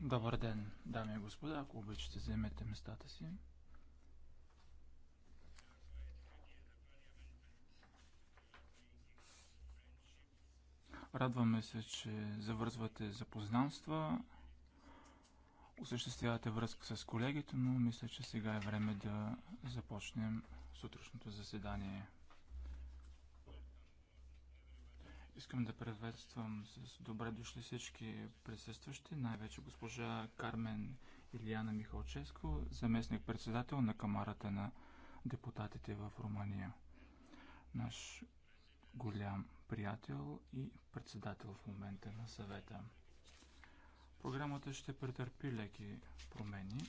Добър ден, дами и господа, ако обичате, вземете местата си. Радваме се, че завързвате запознанства, осъществявате връзка с колегите, но мисля, че сега е време да започнем сутрешното заседание. Искам да приветствам с добре дошли всички присъстващи, най-вече госпожа Кармен Илияна Михалческо, заместник-председател на Камарата на депутатите в Румъния. Наш голям приятел и председател в момента на съвета. Програмата ще претърпи леки промени,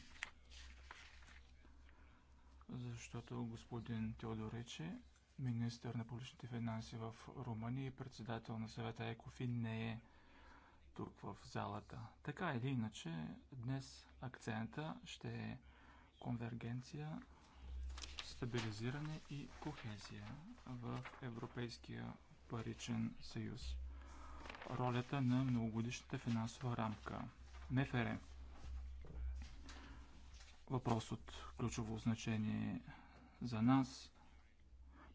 защото господин Теодор Рече министър на публичните финанси в Румъния и председател на съвета Екофин не е тук в залата. Така или иначе, днес акцента ще е конвергенция, стабилизиране и кохезия в Европейския паричен съюз. Ролята на многогодишната финансова рамка. МФР. Въпрос от ключово значение за нас –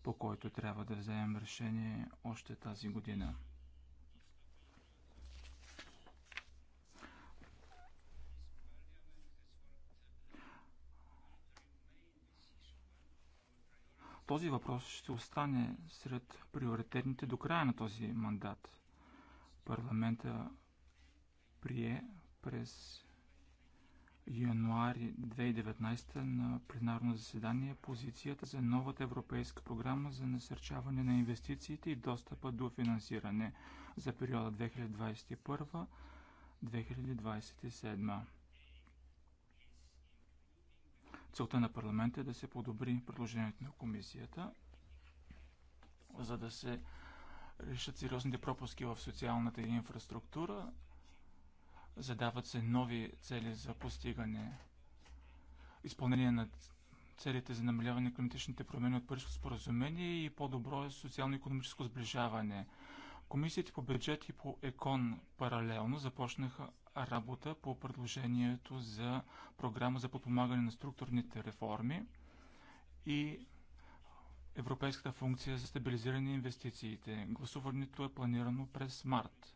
по който трябва да вземем решение още тази година. Този въпрос ще остане сред приоритетните до края на този мандат. Парламента прие през януари 2019 на пленарно заседание позицията за новата европейска програма за насърчаване на инвестициите и достъпа до финансиране за периода 2021-2027. Целта на парламента е да се подобри предложението на комисията, за да се решат сериозните пропуски в социалната инфраструктура, Задават се нови цели за постигане. Изпълнение на целите за намаляване на климатичните промени от Парижското споразумение и по-добро социално-економическо сближаване. Комисиите по бюджет и по ЕКОН паралелно започнаха работа по предложението за програма за подпомагане на структурните реформи и Европейската функция за стабилизиране на инвестициите. Гласуването е планирано през март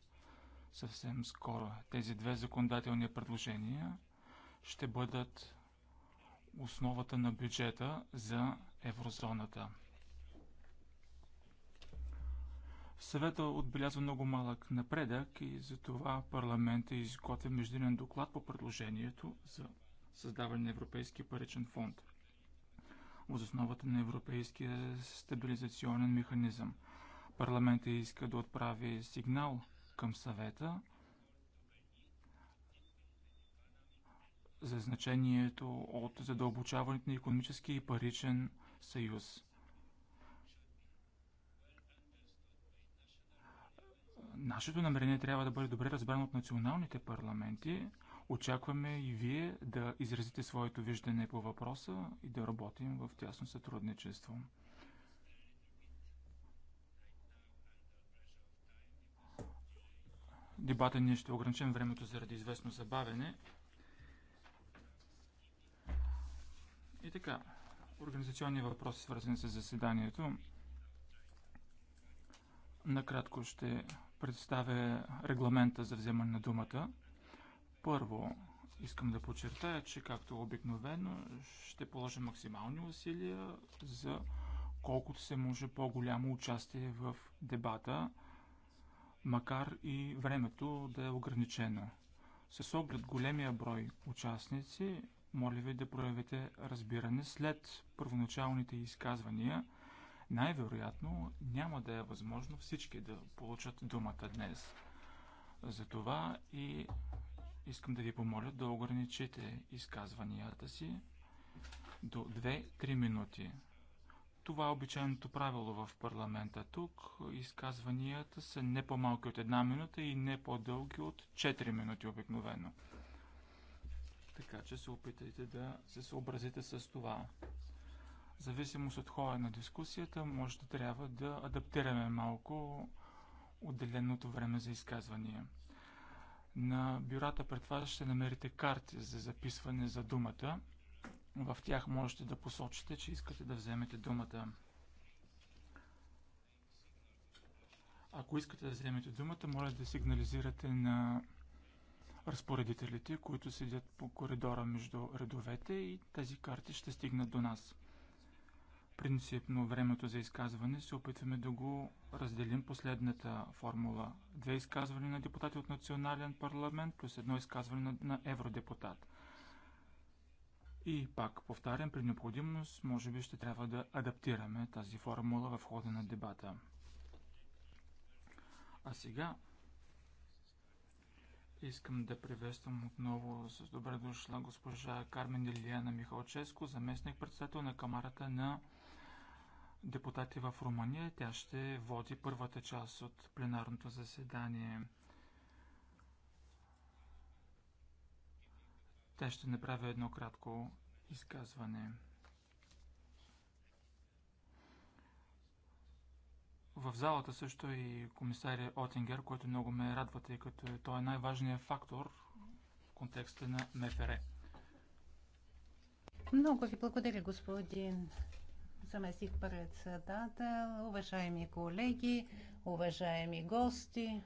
съвсем скоро. Тези две законодателни предложения ще бъдат основата на бюджета за еврозоната. Съвета отбелязва много малък напредък и затова парламента изготвя междинен доклад по предложението за създаване на Европейски паричен фонд въз основата на Европейския стабилизационен механизъм. Парламента иска да отправи сигнал – към съвета за значението от задълбочаването на економически и паричен съюз. Нашето намерение трябва да бъде добре разбрано от националните парламенти. Очакваме и вие да изразите своето виждане по въпроса и да работим в тясно сътрудничество. дебата ние ще ограничим времето заради известно забавене. И така, организационни въпроси, свързани с заседанието. Накратко ще представя регламента за вземане на думата. Първо, искам да подчертая, че както обикновено ще положим максимални усилия за колкото се може по-голямо участие в дебата – макар и времето да е ограничено. С оглед големия брой участници, моля ви да проявите разбиране след първоначалните изказвания. Най-вероятно няма да е възможно всички да получат думата днес. Затова и искам да ви помоля да ограничите изказванията си до 2-3 минути. Това е обичайното правило в парламента. Тук изказванията са не по-малки от една минута и не по-дълги от 4 минути обикновено. Така че се опитайте да се съобразите с това. В зависимост от хода на дискусията, може да трябва да адаптираме малко отделеното време за изказвания. На бюрата пред вас ще намерите карти за записване за думата – в тях можете да посочите, че искате да вземете думата. Ако искате да вземете думата, моля да сигнализирате на разпоредителите, които седят по коридора между редовете и тези карти ще стигнат до нас. Принципно времето за изказване се опитваме да го разделим последната формула. Две изказвания на депутати от национален парламент плюс едно изказване на евродепутат. И пак повтарям, при необходимост, може би ще трябва да адаптираме тази формула в хода на дебата. А сега искам да приветствам отново с добре дошла госпожа Кармен Илияна Михалческо, заместник председател на Камарата на депутати в Румъния. Тя ще води първата част от пленарното заседание. Те ще направя едно кратко изказване. В залата също е и комисария Отингер, който много ме радва, тъй като е- той е най-важният фактор в контекста на МФР. Много ви благодаря, господин заместник председател, уважаеми колеги, уважаеми гости.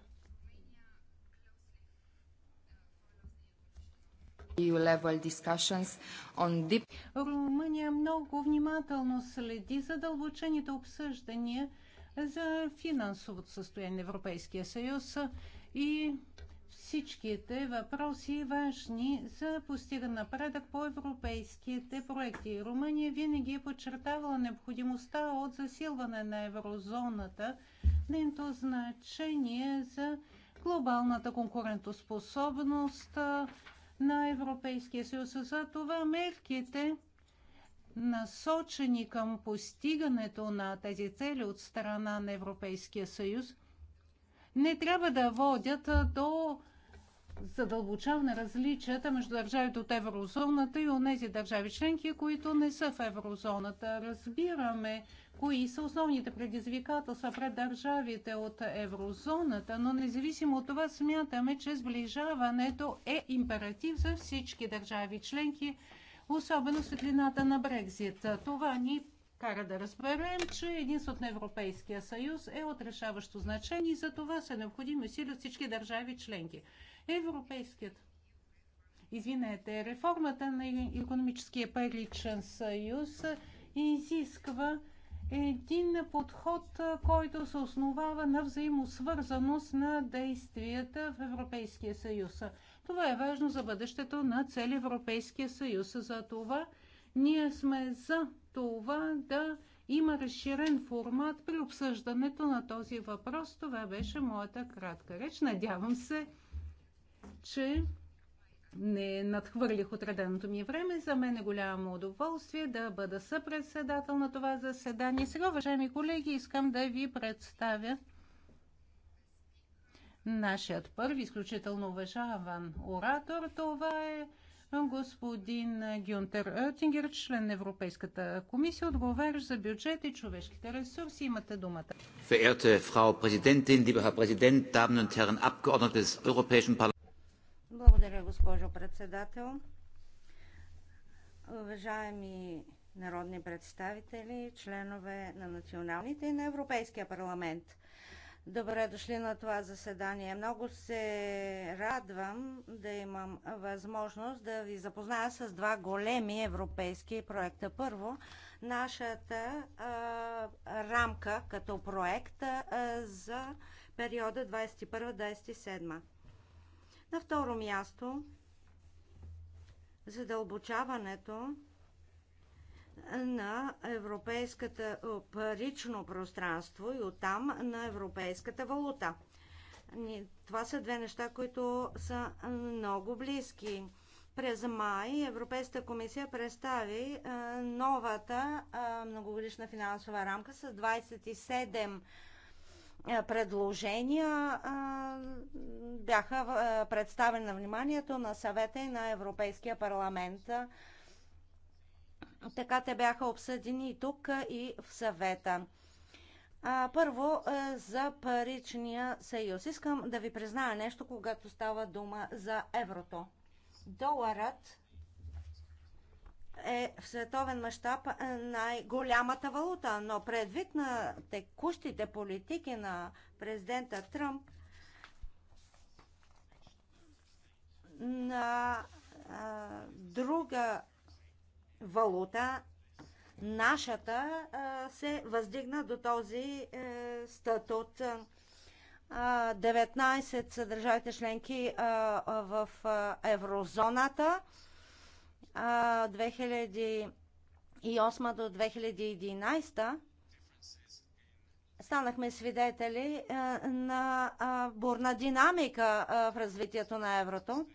Румъния много внимателно следи задълбочените обсъждания за финансовото състояние на Европейския съюз и всичките въпроси важни за постигане напредък по европейските проекти. Румъния винаги е подчертавала необходимостта от засилване на еврозоната, нейното значение за глобалната конкурентоспособност, на Европейския съюз. За това мерките, насочени към постигането на тези цели от страна на Европейския съюз, не трябва да водят до задълбочаване различията между държавите от еврозоната и тези държави членки, които не са в еврозоната. Разбираме кои са основните предизвикателства пред държавите от еврозоната, но независимо от това смятаме, че сближаването е императив за всички държави членки, особено светлината на Брекзит. Това ни кара да разберем, че единството на Европейския съюз е от решаващо значение и за това са необходими усилия от всички държави членки. Европейският Извинете, реформата на економическия паричен съюз изисква един подход, който се основава на взаимосвързаност на действията в Европейския съюз. Това е важно за бъдещето на цели Европейския съюз. За това ние сме за това да има разширен формат при обсъждането на този въпрос. Това беше моята кратка реч. Надявам се, че не надхвърлих отреденото ми време. За мен е голямо удоволствие да бъда съпредседател на това заседание. Сега, уважаеми колеги, искам да ви представя нашият първи изключително уважаван оратор. Това е господин Гюнтер Оттингер, член на Европейската комисия, отговарящ за бюджет и човешките ресурси. Имате думата. Verehrte Frau Präsidentin, lieber Herr Präsident, Damen und Herren Abgeordnete des Europäischen Parlaments, благодаря, госпожо председател. Уважаеми народни представители, членове на националните и на Европейския парламент. Добре дошли на това заседание. Много се радвам да имам възможност да ви запозная с два големи европейски проекта. Първо, нашата а, рамка като проект а, за периода 21-27. На второ място, задълбочаването на европейската парично пространство и оттам на европейската валута. Това са две неща, които са много близки. През май Европейската комисия представи новата многогодишна финансова рамка с 27 е, предложения бяха представени на вниманието на съвета и на Европейския парламент. Така те бяха обсъдени и тук, и в съвета. първо, за паричния съюз. Искам да ви призная нещо, когато става дума за еврото. Доларът е в световен мащаб е, най-голямата валута, но предвид на текущите политики на президента Тръмп, на а, друга валута, нашата а, се въздигна до този е, статут. А, 19 са държавите членки а, в а, еврозоната. 2008 до 2011 станахме свидетели на бурна динамика в развитието на еврото.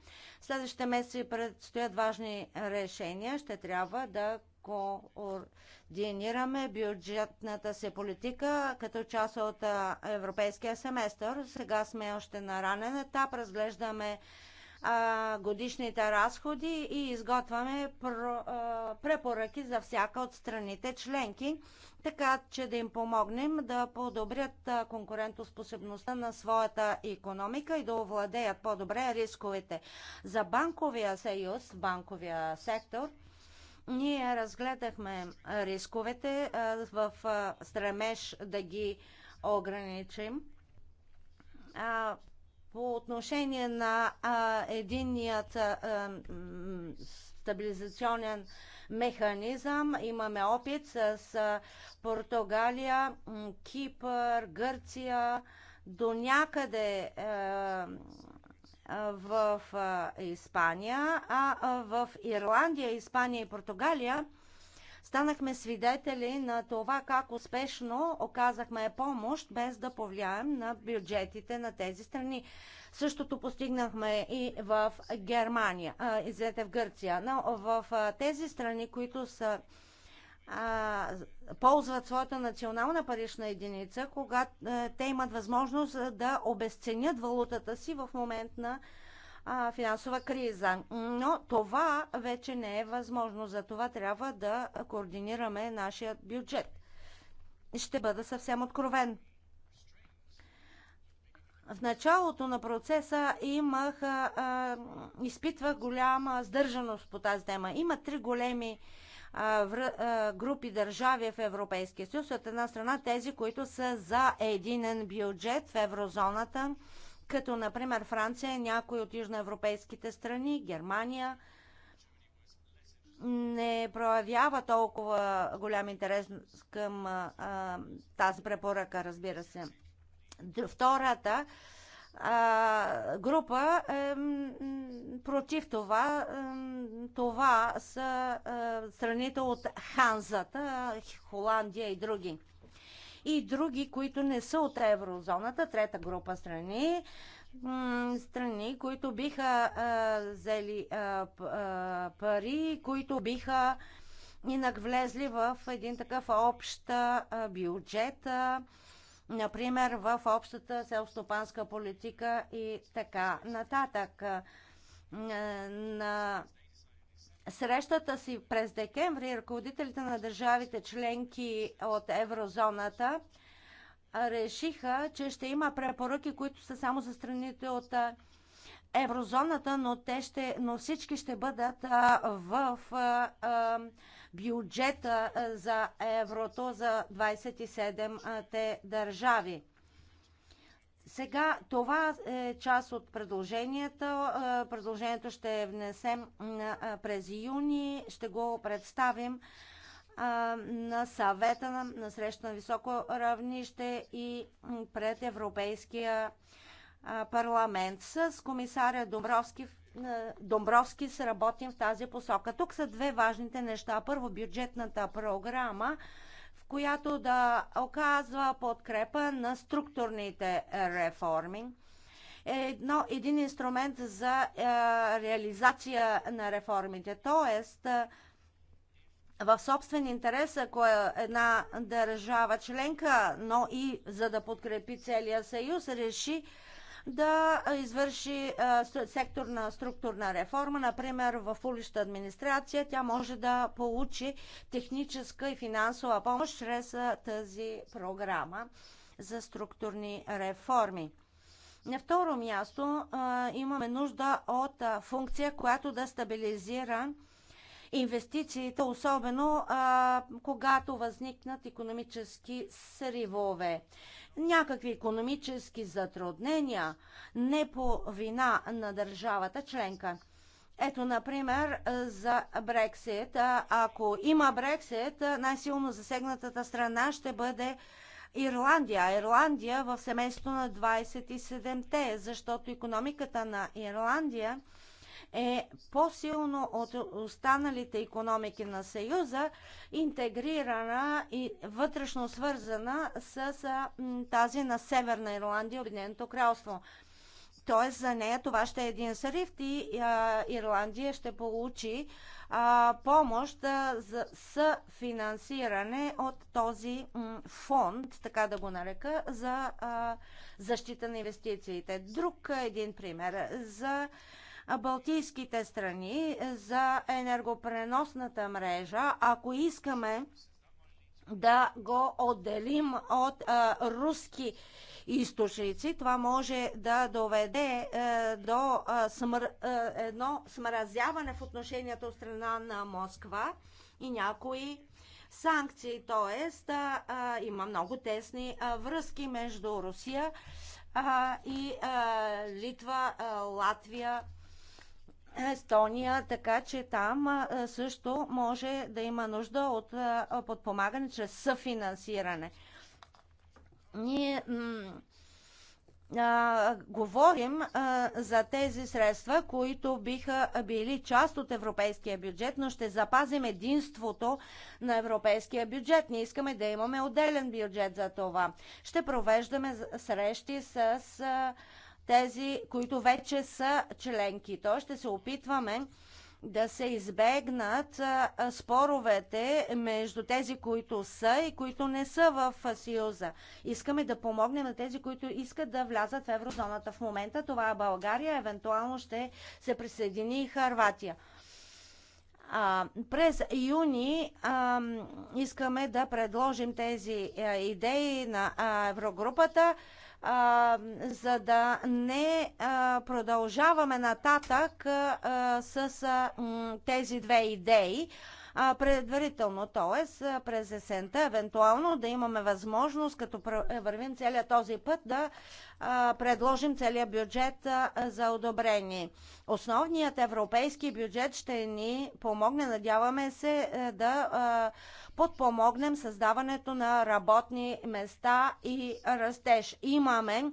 следващите месеци предстоят важни решения. Ще трябва да координираме бюджетната си политика като част от европейския семестър. Сега сме още на ранен етап, разглеждаме а, годишните разходи и изготвяме про, а, препоръки за всяка от страните членки, така че да им помогнем да подобрят конкурентоспособността на своята економика и да овладеят по-добре рисковете. За банковия съюз, банковия сектор, ние разгледахме рисковете в стремеж да ги ограничим. По отношение на а, единият а, стабилизационен механизъм имаме опит с, а, Португалия, Кипър, Гърция, до някъде е, в Испания, а в Ирландия, Испания и Португалия Станахме свидетели на това как успешно оказахме помощ, без да повлияем на бюджетите на тези страни. Същото постигнахме и в Германия, извинете, в Гърция. Но в тези страни, които са а, ползват своята национална парична единица, когато те имат възможност да обесценят валутата си в момент на а, финансова криза. Но това вече не е възможно. За това трябва да координираме нашия бюджет. Ще бъда съвсем откровен. В началото на процеса имах, а, а, изпитвах голяма сдържаност по тази тема. Има три големи групи държави в Европейския съюз. От една страна тези, които са за единен бюджет в еврозоната, като например Франция, е някои от южноевропейските страни, Германия, не проявява толкова голям интерес към а, тази препоръка, разбира се. Втората а, група е против това. Това са е, страните от Ханзата, Холандия и други и други, които не са от еврозоната, трета група страни, страни, които биха а, взели а, пари, които биха инак влезли в един такъв общ а, бюджет, а, например в общата селстопанска политика и така нататък. А, на срещата си през декември ръководителите на държавите членки от еврозоната решиха, че ще има препоръки, които са само за страните от еврозоната, но, те ще, но всички ще бъдат в бюджета за еврото за 27-те държави. Сега това е част от предложението. Предложението ще внесем е, през юни, ще го представим е, на съвета на, на среща на високо равнище и пред Европейския е, парламент. С комисаря Домбровски, Домбровски се работим в тази посока. Тук са две важните неща. Първо, бюджетната програма – която да оказва подкрепа на структурните реформи. Едно, един инструмент за е, реализация на реформите. Т.е. в собствен интерес, ако е една държава членка, но и за да подкрепи целия съюз, реши да извърши секторна структурна реформа, например в публичната администрация, тя може да получи техническа и финансова помощ чрез тази програма за структурни реформи. На второ място имаме нужда от функция, която да стабилизира инвестициите, особено а, когато възникнат економически сривове някакви економически затруднения не по вина на държавата членка. Ето, например, за Брексит. Ако има Брексит, най-силно засегнатата страна ще бъде Ирландия. Ирландия в семейство на 27-те, защото економиката на Ирландия – е по-силно от останалите економики на Съюза, интегрирана и вътрешно свързана с тази на Северна Ирландия и Обединеното кралство. Тоест, за нея това ще е един срив и а, Ирландия ще получи а, помощ а, за съфинансиране от този м, фонд, така да го нарека, за а, защита на инвестициите. Друг един пример за Балтийските страни е, за енергопреносната мрежа, ако искаме да го отделим от а, руски източници. Това може да доведе а, е, до а, смр... а, е, едно смразяване в отношението от страна на Москва и някои санкции. Тоест, има много тесни а, връзки между Русия а, и а, Литва, а, Латвия, Естония, така че там също може да има нужда от подпомагане чрез съфинансиране. Ние а, говорим а, за тези средства, които биха били част от европейския бюджет, но ще запазим единството на европейския бюджет. Не искаме да имаме отделен бюджет за това. Ще провеждаме срещи с. А, тези, които вече са членки. То ще се опитваме да се избегнат споровете между тези, които са и които не са в Съюза. Искаме да помогнем на тези, които искат да влязат в еврозоната. В момента това е България, евентуално ще се присъедини и Харватия. А, през юни а, искаме да предложим тези а, идеи на а, Еврогрупата а, за да не а, продължаваме нататък а, с а, тези две идеи, а, предварително, т.е. през есента, евентуално да имаме възможност, като е, вървим целият този път, да а, предложим целият бюджет а, за одобрение. Основният европейски бюджет ще ни помогне, надяваме се, е, да а, подпомогнем създаването на работни места и растеж. Имаме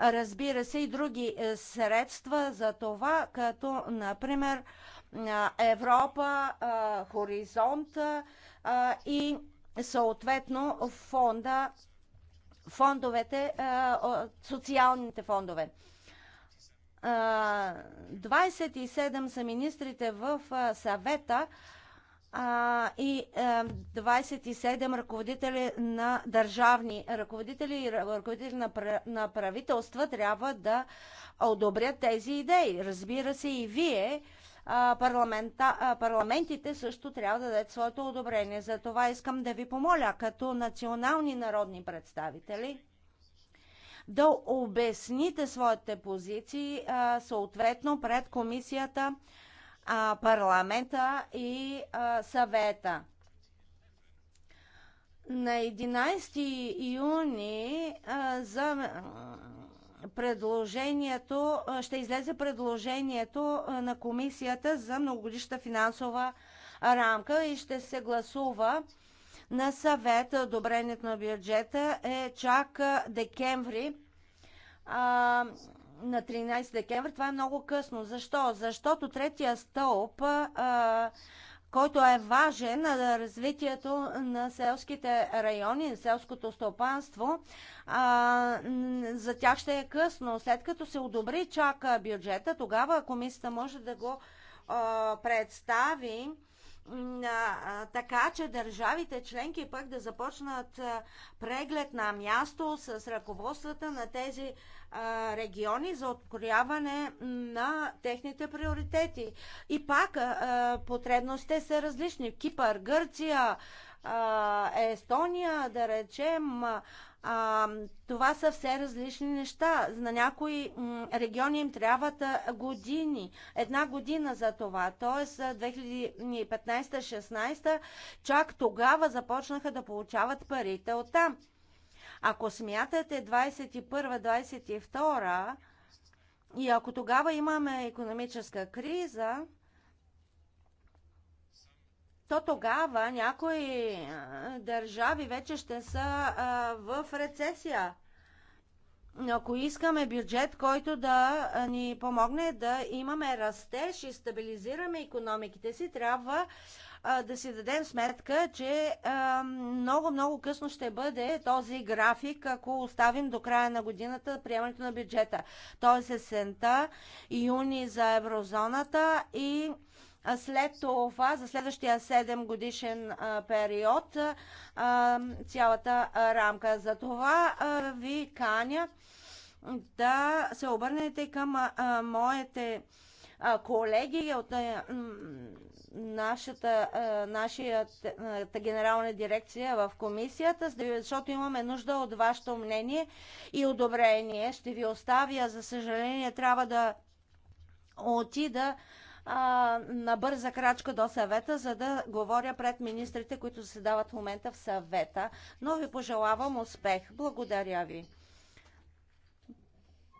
разбира се, и други е, средства за това, като, например, Европа, Хоризонт и съответно фонда, фондовете, социалните фондове. 27 са министрите в съвета и 27 ръководители на държавни ръководители и ръководители на правителства трябва да одобрят тези идеи. Разбира се и вие, парламента, парламентите също трябва да дадат своето одобрение. За това искам да ви помоля, като национални народни представители, да обясните своите позиции а, съответно пред комисията, а, парламента и а, съвета. На 11 юни а, за предложението, ще излезе предложението на комисията за многогодишната финансова рамка и ще се гласува на съвет. Одобрението на бюджета е чак декември. А, на 13 декември. Това е много късно. Защо? Защото третия стълб а, който е важен за развитието на селските райони, на селското стопанство. А, за тях ще е късно. След като се одобри чака бюджета, тогава комисията може да го а, представи така че държавите членки пък да започнат преглед на място с ръководствата на тези региони за откоряване на техните приоритети. И пак потребностите са различни. Кипър, Гърция, Естония, да речем, а, това са все различни неща. На някои региони им трябват години. Една година за това. Тоест 2015-16 чак тогава започнаха да получават парите от там. Ако смятате 21-22 и ако тогава имаме економическа криза, то тогава някои държави вече ще са в рецесия. Ако искаме бюджет, който да ни помогне да имаме растеж и стабилизираме економиките си, трябва да си дадем сметка, че много-много късно ще бъде този график, ако оставим до края на годината приемането на бюджета. Тоест есента, юни за еврозоната и след това, за следващия 7 годишен период, цялата рамка. За това ви каня да се обърнете към моите колеги от нашата, нашата генерална дирекция в комисията, защото имаме нужда от вашето мнение и одобрение. Ще ви оставя, за съжаление, трябва да отида а, на бърза крачка до съвета, за да говоря пред министрите, които се дават в момента в съвета. Но ви пожелавам успех. Благодаря ви.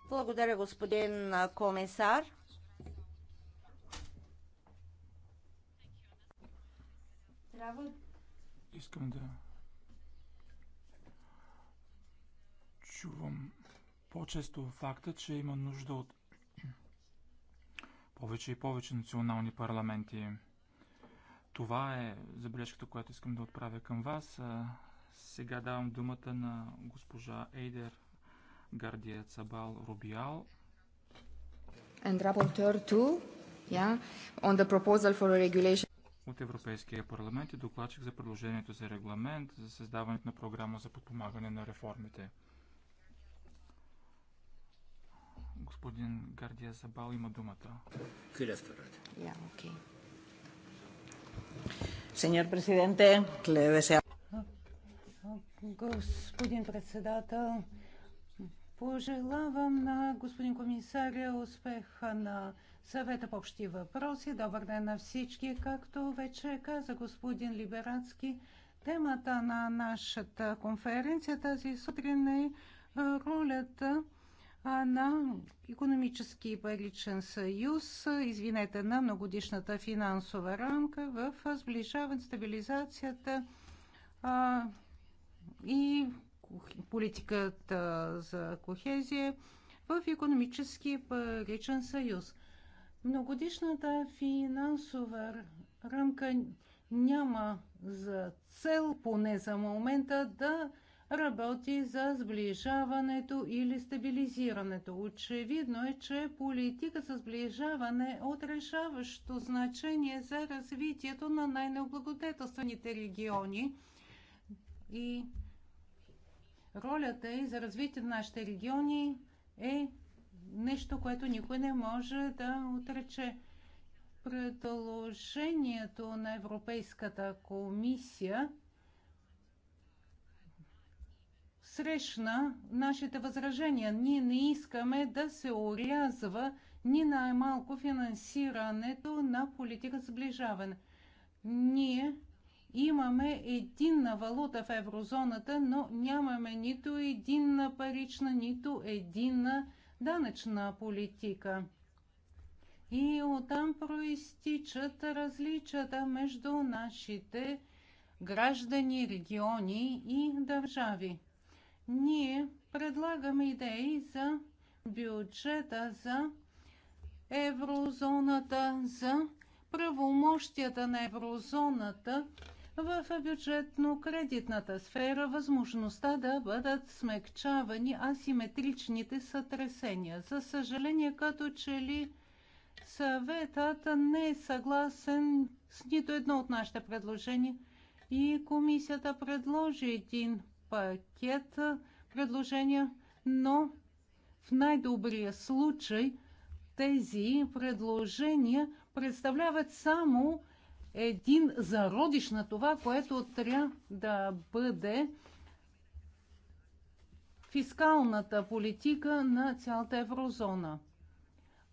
Благодаря, господин комисар. Трябва. Искам да чувам по-често факта, че има нужда от повече и повече национални парламенти. Това е забележката, която искам да отправя към вас. Сега давам думата на госпожа Ейдер Гардия Цабал Рубиал. And rapporteur too, yeah, on the proposal for a regulation от Европейския парламент и докладчик за предложението за регламент за създаването на програма за подпомагане на реформите. Господин Гардия Сабал има думата. Yeah, okay. Señor Господин председател, пожелавам на господин комисаря успеха на съвета по общи въпроси. Добър ден на всички. Както вече каза господин Либерацки, темата на нашата конференция тази сутрин е ролята на економически и паричен съюз, извинете, на многодишната финансова рамка в сближаване стабилизацията а, и политиката за кохезия в економически и паричен съюз. Многодишната финансова рамка няма за цел, поне за момента, да работи за сближаването или стабилизирането. Очевидно е, че политика за сближаване е от решаващо значение за развитието на най-необлагодетелствените региони и ролята и за развитие на нашите региони е нещо, което никой не може да отрече. Предложението на Европейската комисия – срещна нашите възражения. Ние не искаме да се урязва ни най-малко финансирането на политика сближаване. Ние имаме единна валута в еврозоната, но нямаме нито единна парична, нито единна данъчна политика. И оттам проистичат различията между нашите граждани, региони и държави ние предлагаме идеи за бюджета, за еврозоната, за правомощията на еврозоната в бюджетно-кредитната сфера, възможността да бъдат смекчавани асиметричните сътресения. За съжаление, като че ли съветът не е съгласен с нито едно от нашите предложения и комисията предложи един пакет предложения, но в най-добрия случай тези предложения представляват само един зародиш на това, което трябва да бъде фискалната политика на цялата еврозона.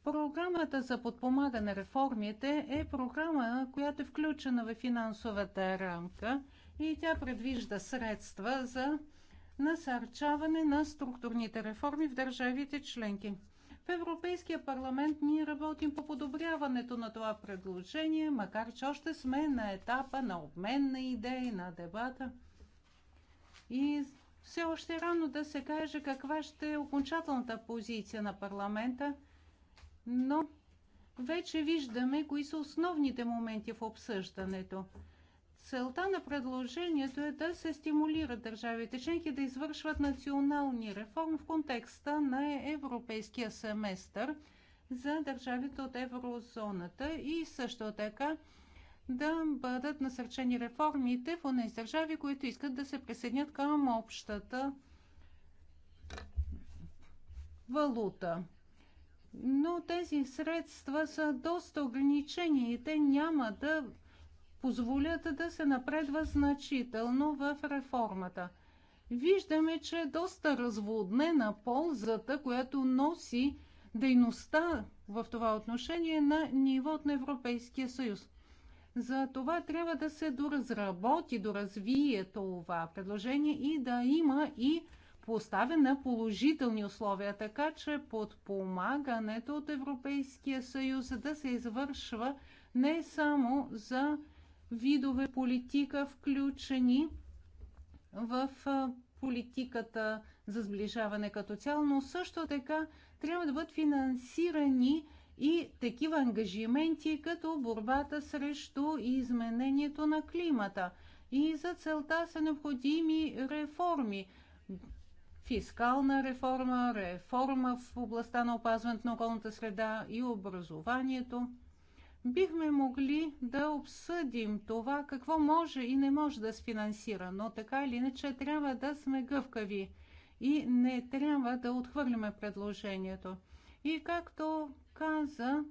Програмата за подпомагане реформите е програма, която е включена в финансовата рамка – и тя предвижда средства за насърчаване на структурните реформи в държавите членки. В Европейския парламент ние работим по подобряването на това предложение, макар че още сме на етапа на обмен на идеи, на дебата. И все още е рано да се каже каква ще е окончателната позиция на парламента, но вече виждаме кои са основните моменти в обсъждането. Целта на предложението е да се стимулират държавите членки да извършват национални реформи в контекста на европейския семестър за държавите от еврозоната и също така да бъдат насърчени реформите в тези държави, които искат да се присъединят към общата валута. Но тези средства са доста ограничени и те няма да позволят да се напредва значително в реформата. Виждаме, че е доста разводнена ползата, която носи дейността в това отношение на нивото на Европейския съюз. За това трябва да се доразработи, доразвие това предложение и да има и поставена на положителни условия, така че подпомагането от Европейския съюз да се извършва не само за видове политика, включени в политиката за сближаване като цяло, но също така трябва да бъдат финансирани и такива ангажименти, като борбата срещу изменението на климата. И за целта са необходими реформи. Фискална реформа, реформа в областта на опазването на околната среда и образованието бихме могли да обсъдим това, какво може и не може да се финансира, но така или иначе трябва да сме гъвкави и не трябва да отхвърляме предложението. И както каза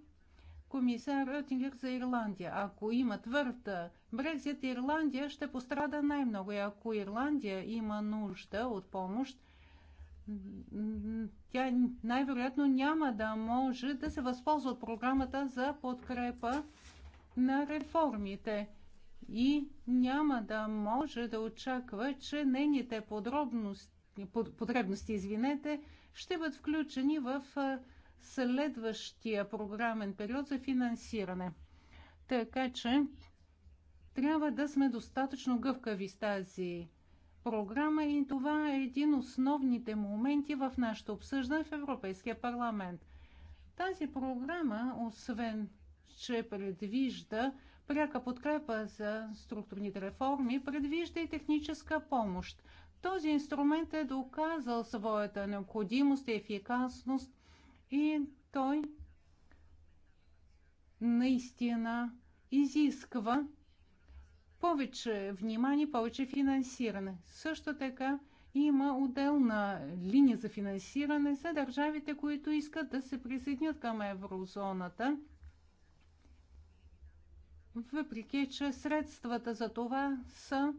комисар Ротингер за Ирландия, ако има твърда Брекзит, Ирландия ще пострада най-много. И ако Ирландия има нужда от помощ, тя най-вероятно няма да може да се възползва от програмата за подкрепа на реформите и няма да може да очаква, че нейните потребности извинете, ще бъдат включени в следващия програмен период за финансиране. Така че трябва да сме достатъчно гъвкави с тази програма и това е един основните моменти в нашето обсъждане в Европейския парламент. Тази програма, освен че предвижда пряка подкрепа за структурните реформи, предвижда и техническа помощ. Този инструмент е доказал своята необходимост и ефикасност и той наистина изисква повече внимание, повече финансиране. Също така има отдел на линия за финансиране за държавите, които искат да се присъединят към еврозоната. Въпреки, че средствата за това са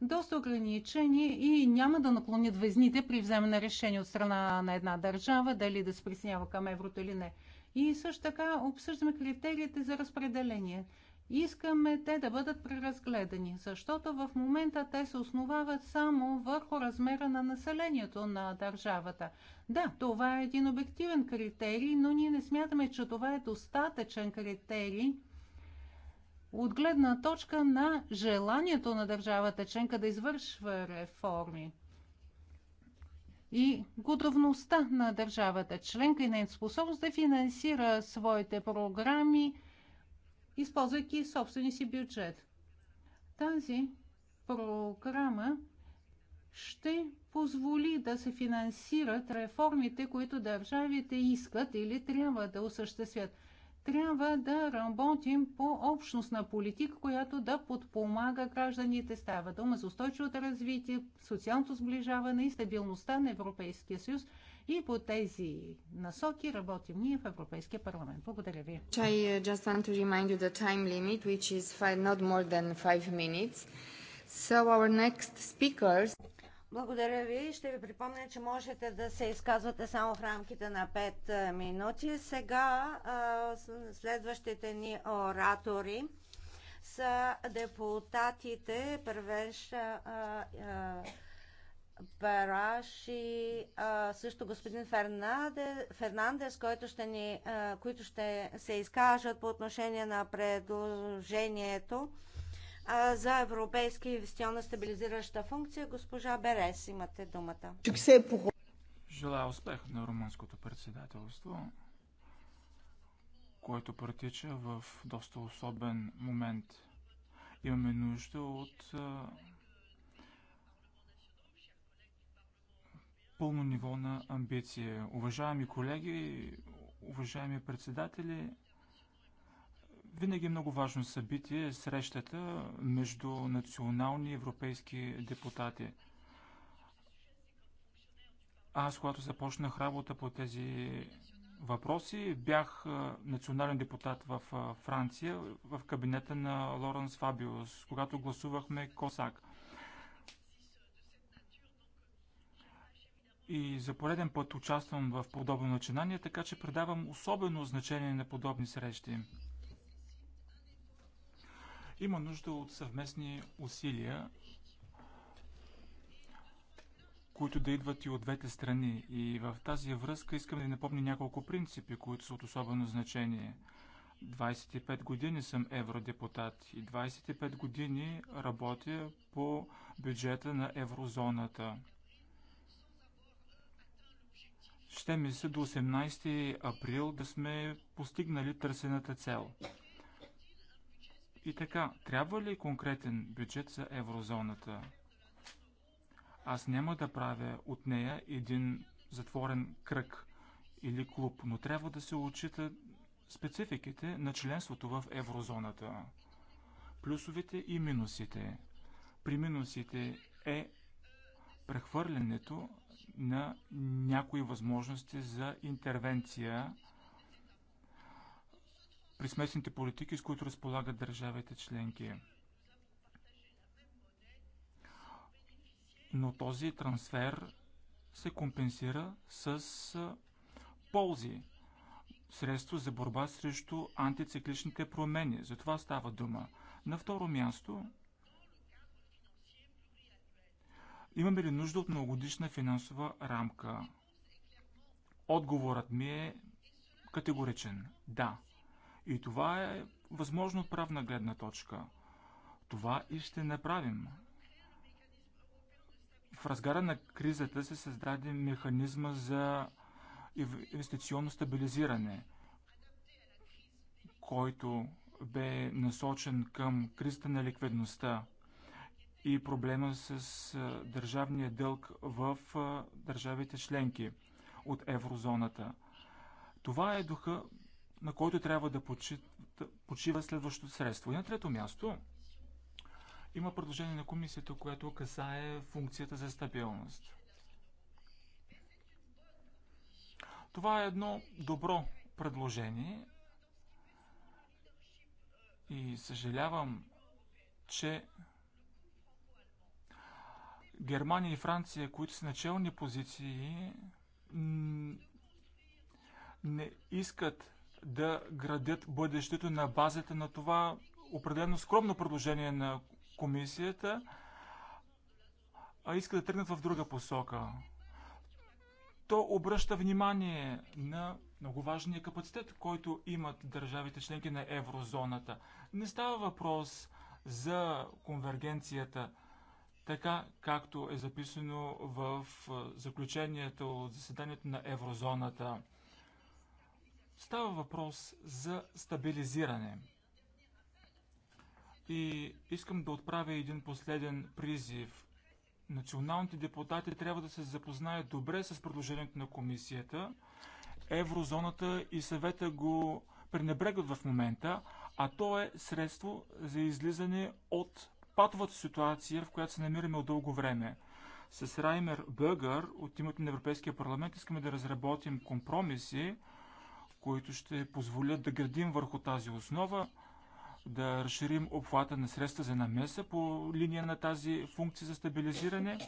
доста ограничени и няма да наклонят везните при вземане решение от страна на една държава, дали да се присъединява към еврото или не. И също така обсъждаме критериите за разпределение. Искаме те да бъдат преразгледани, защото в момента те се основават само върху размера на населението на държавата. Да, това е един обективен критерий, но ние не смятаме, че това е достатъчен критерий от гледна точка на желанието на държавата членка да извършва реформи и готовността на държавата членка и на способност да финансира своите програми – използвайки собствения си бюджет. Тази програма ще позволи да се финансират реформите, които държавите искат или трябва да осъществят. Трябва да работим по общностна политика, която да подпомага гражданите. Става дума за устойчивото развитие, социалното сближаване и стабилността на Европейския съюз – и по тези насоки работим ние в Европейския парламент. Благодаря ви. I uh, just want to remind you the time limit, which is five, not more than five minutes. So our next speakers... Благодаря ви. Ще ви припомня, че можете да се изказвате само в рамките на 5 минути. Сега следващите ни оратори са депутатите Първеш Бараш и а, също господин Фернаде, Фернандес, който ще ни, а, които ще се изкажат по отношение на предложението а, за Европейски инвестиционна стабилизираща функция. Госпожа Берес, имате думата. Желая успех на румънското председателство, което протича в доста особен момент. Имаме нужда от пълно ниво на амбиция. Уважаеми колеги, уважаеми председатели, винаги е много важно събитие срещата между национални европейски депутати. Аз, когато започнах работа по тези въпроси, бях национален депутат в Франция, в кабинета на Лоренс Фабиус, когато гласувахме Косак – и за пореден път участвам в подобно начинание, така че придавам особено значение на подобни срещи. Има нужда от съвместни усилия, които да идват и от двете страни. И в тази връзка искам да напомня няколко принципи, които са от особено значение. 25 години съм евродепутат и 25 години работя по бюджета на еврозоната. Ще ми се до 18 април да сме постигнали търсената цел. И така, трябва ли конкретен бюджет за еврозоната? Аз няма да правя от нея един затворен кръг или клуб, но трябва да се отчита спецификите на членството в еврозоната. Плюсовете и минусите. При минусите е прехвърлянето на някои възможности за интервенция при смесните политики, с които разполагат държавите членки. Но този трансфер се компенсира с ползи, средство за борба срещу антицикличните промени. За това става дума. На второ място Имаме ли нужда от многогодишна финансова рамка? Отговорът ми е категоричен. Да. И това е възможно от правна гледна точка. Това и ще направим. В разгара на кризата се създаде механизма за инвестиционно стабилизиране, който бе насочен към кризата на ликвидността и проблема с държавния дълг в държавите членки от еврозоната. Това е духа, на който трябва да почива следващото средство. И на трето място има предложение на комисията, което касае функцията за стабилност. Това е едно добро предложение и съжалявам, че Германия и Франция, които са начални позиции, не искат да градят бъдещето на базата на това определено скромно предложение на комисията, а искат да тръгнат в друга посока. То обръща внимание на много важния капацитет, който имат държавите членки на еврозоната. Не става въпрос за конвергенцията – така както е записано в заключението от заседанието на еврозоната. Става въпрос за стабилизиране. И искам да отправя един последен призив. Националните депутати трябва да се запознаят добре с предложението на комисията. Еврозоната и съвета го пренебрегват в момента, а то е средство за излизане от патовата ситуация, в която се намираме от дълго време. С Раймер Бъгър от името на Европейския парламент искаме да разработим компромиси, които ще позволят да градим върху тази основа, да разширим обхвата на средства за намеса по линия на тази функция за стабилизиране,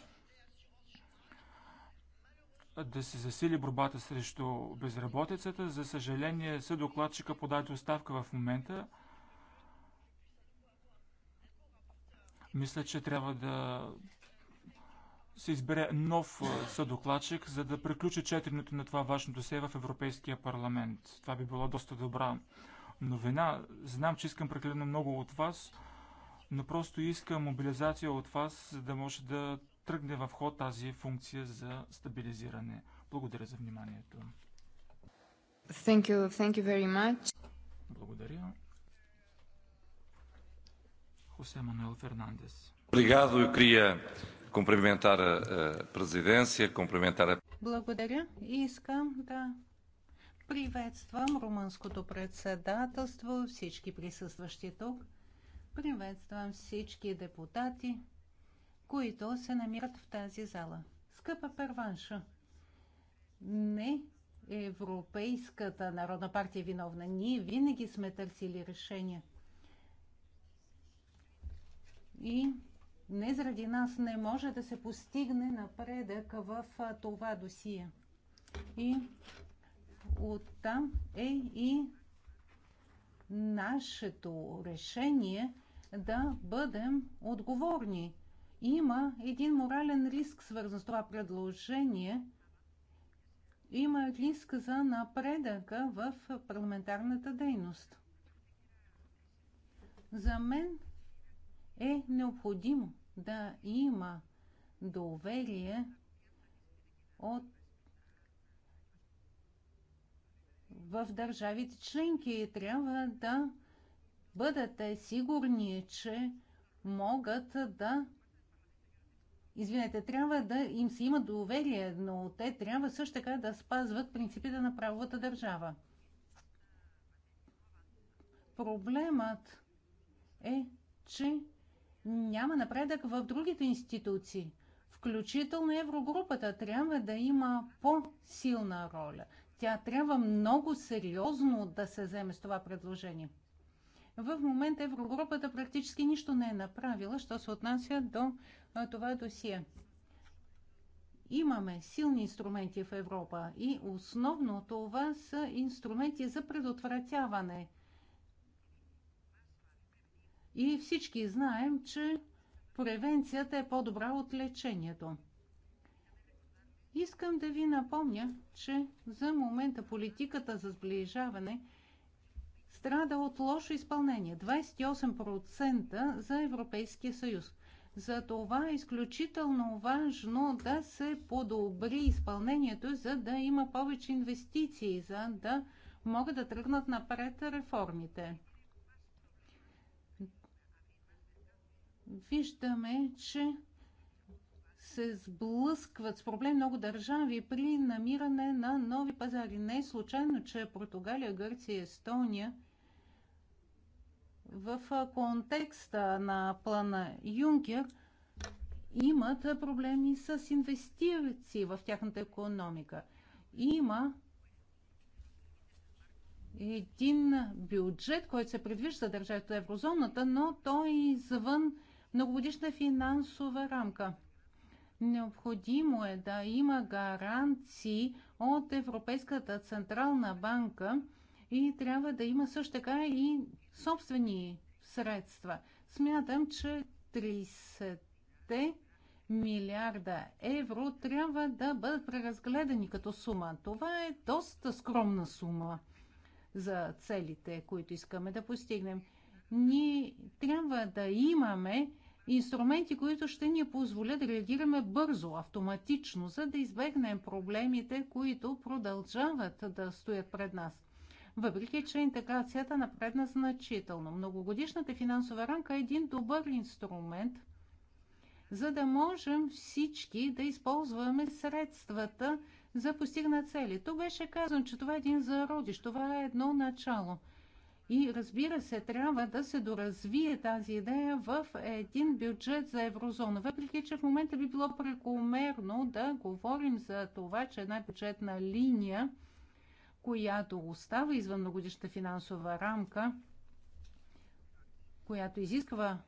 да се засили борбата срещу безработицата. За съжаление, съдокладчика подаде оставка в момента – Мисля, че трябва да се избере нов съдокладчик, за да приключи четенето на това важно досе в Европейския парламент. Това би било доста добра новина. Знам, че искам прекалено много от вас, но просто искам мобилизация от вас, за да може да тръгне в ход тази функция за стабилизиране. Благодаря за вниманието. Thank you. Thank you Благодаря. José Manuel Fernandes. Obrigado, eu queria cumprimentar a presidência, cumprimentar a... Благодаря. Искам да приветствам румънското председателство, всички присъстващи тук. Приветствам всички депутати, които се намират в тази зала. Скъпа перванша, не Европейската народна партия е виновна. Ние винаги сме търсили решение – и не заради нас не може да се постигне напредък в това досие. И оттам е и нашето решение да бъдем отговорни. Има един морален риск, свързан с това предложение. Има риск за напредъка в парламентарната дейност. За мен е необходимо да има доверие от в държавите членки трябва да бъдете сигурни, че могат да Извинете, трябва да им се има доверие, но те трябва също така да спазват принципите на правовата държава. Проблемът е, че няма напредък в другите институции. Включително Еврогрупата трябва да има по-силна роля. Тя трябва много сериозно да се вземе с това предложение. В момента Еврогрупата практически нищо не е направила, що се отнася до това досие. Имаме силни инструменти в Европа и основно това са инструменти за предотвратяване – и всички знаем, че превенцията е по-добра от лечението. Искам да ви напомня, че за момента политиката за сближаване страда от лошо изпълнение 28% за Европейския съюз. За това е изключително важно да се подобри изпълнението, за да има повече инвестиции, за да могат да тръгнат напред реформите. виждаме, че се сблъскват с проблем много държави при намиране на нови пазари. Не е случайно, че Португалия, Гърция и Естония в контекста на плана Юнкер имат проблеми с инвестиции в тяхната економика. Има един бюджет, който се предвижда за държавите еврозоната, но той е извън многогодишна финансова рамка. Необходимо е да има гаранции от Европейската централна банка и трябва да има също така и собствени средства. Смятам, че 30 милиарда евро трябва да бъдат преразгледани като сума. Това е доста скромна сума за целите, които искаме да постигнем. Ние трябва да имаме инструменти, които ще ни позволят да реагираме бързо, автоматично, за да избегнем проблемите, които продължават да стоят пред нас. Въпреки, че интеграцията напредна значително, многогодишната финансова рамка е един добър инструмент, за да можем всички да използваме средствата за постигна цели. То беше казано, че това е един зародиш, това е едно начало – и разбира се, трябва да се доразвие тази идея в един бюджет за еврозона. Въпреки, че в момента би било прекомерно да говорим за това, че една бюджетна линия, която остава извън многодишната финансова рамка, която изисква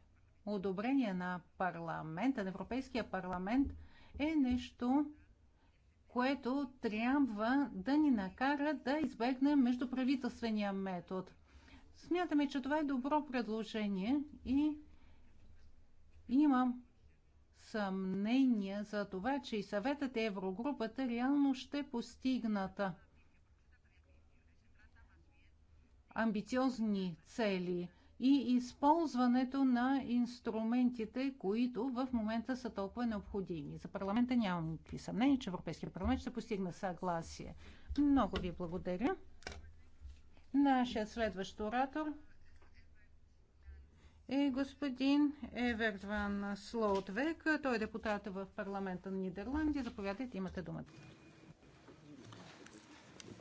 одобрение на парламента, на Европейския парламент, е нещо, което трябва да ни накара да избегнем междуправителствения метод. Смятаме, че това е добро предложение и имам съмнение за това, че и съветът и Еврогрупата реално ще постигнат амбициозни цели и използването на инструментите, които в момента са толкова необходими. За парламента нямам никакви съмнения, че Европейския парламент ще постигне съгласие. Много ви благодаря. Нашият следващ оратор е господин Еверт Ван Слоутвек. Той е депутат в парламента на Нидерландия. Заповядайте, имате думата.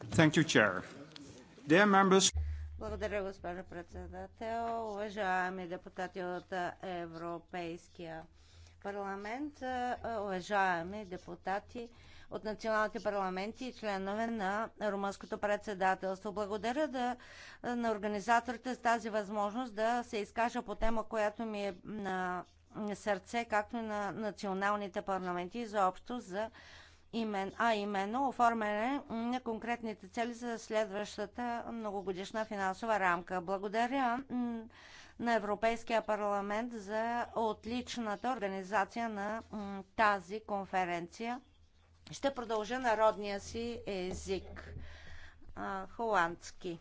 Thank you, Chair. Dear members... Благодаря, госпожо председател. Уважаеми депутати от Европейския парламент, уважаеми депутати, от националните парламенти и членове на румънското председателство. Благодаря да, е, на организаторите с тази възможност да се изкажа по тема, която ми е на сърце, както и на националните парламенти заобщо за имен, а именно оформяне на конкретните цели за следващата многогодишна финансова рамка. Благодаря на Европейския парламент за отличната организация на тази конференция. Ще продължа народния си език а, холандски.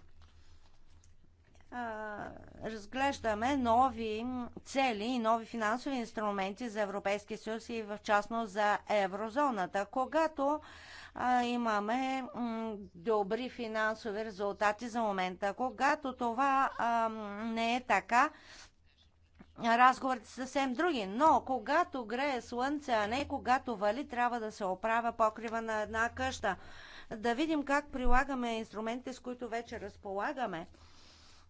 А, разглеждаме нови цели и нови финансови инструменти за Европейския съюз и в частност за еврозоната. Когато а, имаме добри финансови резултати за момента, когато това а, не е така, разговорите са съвсем други. Но когато грее слънце, а не когато вали, трябва да се оправя покрива на една къща. Да видим как прилагаме инструментите, с които вече разполагаме.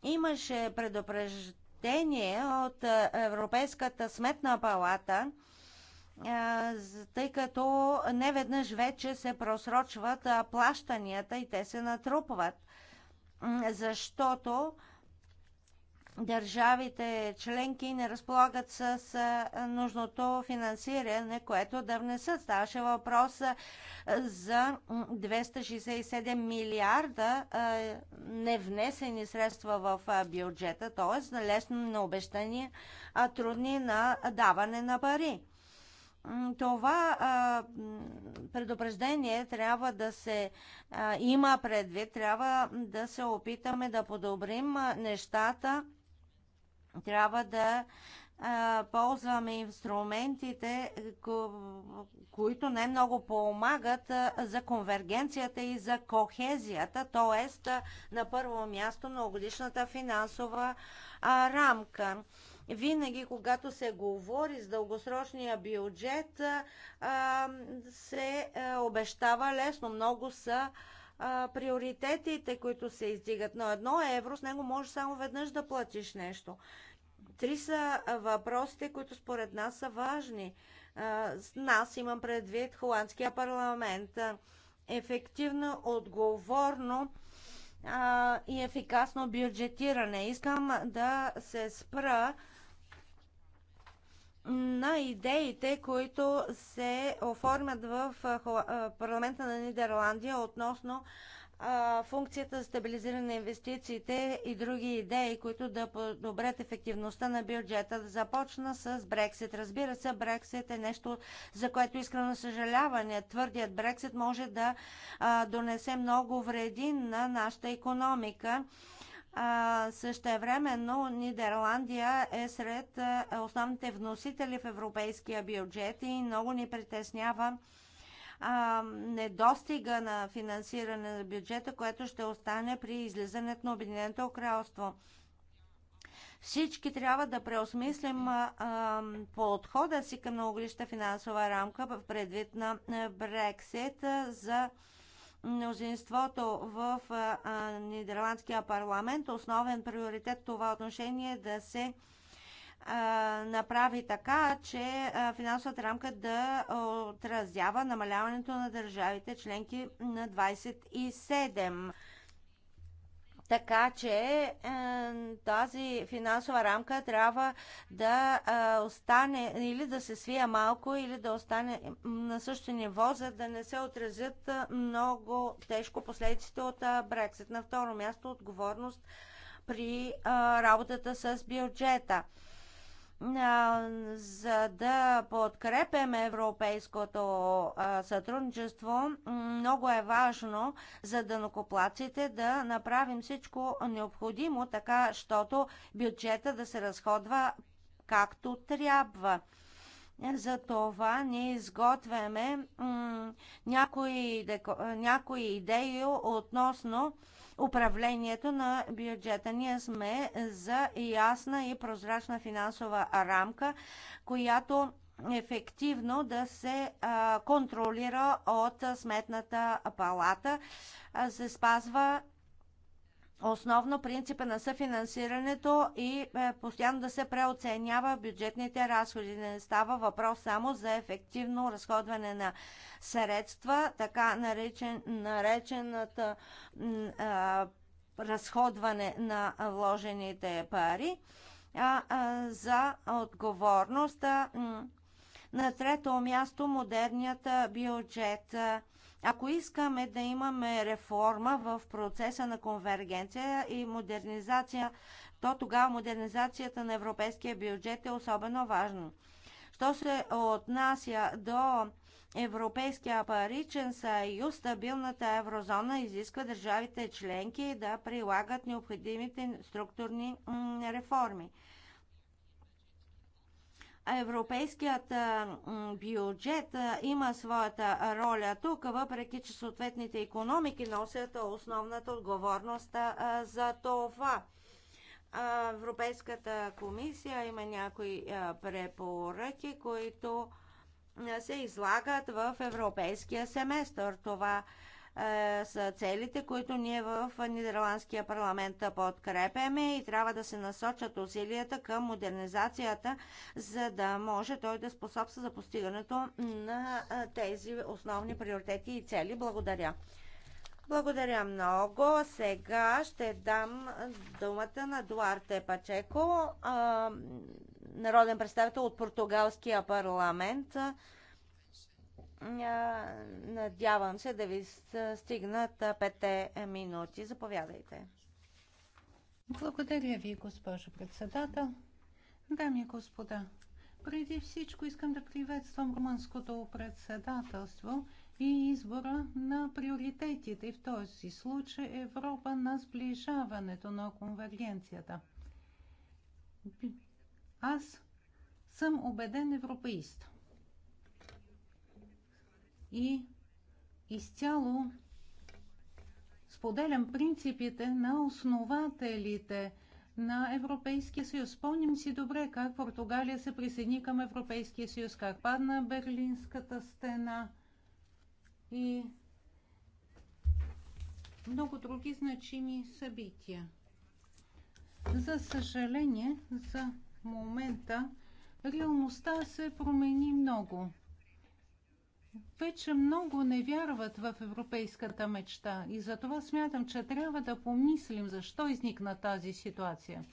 Имаше предупреждение от Европейската сметна палата, тъй като неведнъж вече се просрочват плащанията и те се натрупват. Защото държавите членки не разполагат с нужното финансиране, което да внесат. Ставаше въпрос за 267 милиарда невнесени средства в бюджета, т.е. лесно на обещания, а трудни на даване на пари. Това а, предупреждение трябва да се а, има предвид, трябва да се опитаме да подобрим нещата трябва да а, ползваме инструментите, които най-много помагат а, за конвергенцията и за кохезията, т.е. на първо място многогодишната финансова а, рамка винаги, когато се говори с дългосрочния бюджет, се е, обещава лесно. Много са а, приоритетите, които се издигат. Но едно евро с него може само веднъж да платиш нещо. Три са въпросите, които според нас са важни. А, с нас имам предвид Холандския парламент. Ефективно, отговорно а, и ефикасно бюджетиране. Искам да се спра на идеите, които се оформят в парламента на Нидерландия относно функцията за стабилизиране на инвестициите и други идеи, които да подобрят ефективността на бюджета. Да започна с Брексит. Разбира се, Брексит е нещо, за което искрено съжаляване. Твърдият Брексит може да донесе много вреди на нашата економика Същевременно Нидерландия е сред основните вносители в европейския бюджет и много ни притеснява недостига на финансиране на бюджета, което ще остане при излизането на Обединеното кралство. Всички трябва да преосмислим подхода си към многогодишната финансова рамка в предвид на Брексит за а, мнозинството в Нидерландския парламент, основен приоритет в това отношение е да се направи така, че финансовата рамка да отразява намаляването на държавите членки на 27. Така че е, тази финансова рамка трябва да е, остане или да се свие малко, или да остане на същото ниво, за да не се отразят е, много тежко последиците от Брексит. На второ място отговорност при работата с бюджета за да подкрепим европейското сътрудничество, много е важно за дънокоплаците да направим всичко необходимо, така, щото бюджета да се разходва както трябва. За това ние изготвяме някои, някои идеи относно управлението на бюджета. Ние сме за ясна и прозрачна финансова рамка, която ефективно да се контролира от Сметната палата, се спазва основно принципа на съфинансирането и е, постоянно да се преоценява бюджетните разходи. Не става въпрос само за ефективно разходване на средства, така наречен, наречената а, разходване на вложените пари, а, а за отговорност. на трето място модерният бюджет. А, ако искаме да имаме реформа в процеса на конвергенция и модернизация, то тогава модернизацията на европейския бюджет е особено важно. Що се отнася до Европейския паричен съюз, стабилната еврозона изисква държавите членки да прилагат необходимите структурни реформи. Европейският бюджет има своята роля тук, въпреки че съответните економики носят основната отговорност за това. Европейската комисия има някои препоръки, които се излагат в европейския семестър. Това е, са целите, които ние в Нидерландския парламент подкрепяме и трябва да се насочат усилията към модернизацията, за да може той да способства за постигането на е, тези основни приоритети и цели. Благодаря. Благодаря много. Сега ще дам думата на Дуарте Пачеко, е, народен представител от португалския парламент. Надявам се да ви стигнат пете е, минути. Заповядайте. Благодаря ви, госпожо председател. Дами и господа, преди всичко искам да приветствам румънското председателство и избора на приоритетите, в този случай Европа на сближаването на конвергенцията. Аз съм убеден европеист и изцяло споделям принципите на основателите на Европейския съюз. Спомним си добре как Португалия се присъедини към Европейския съюз, как падна Берлинската стена и много други значими събития. За съжаление, за момента реалността се промени много вече много не вярват в европейската мечта и затова смятам, че трябва да помислим защо изникна тази ситуация.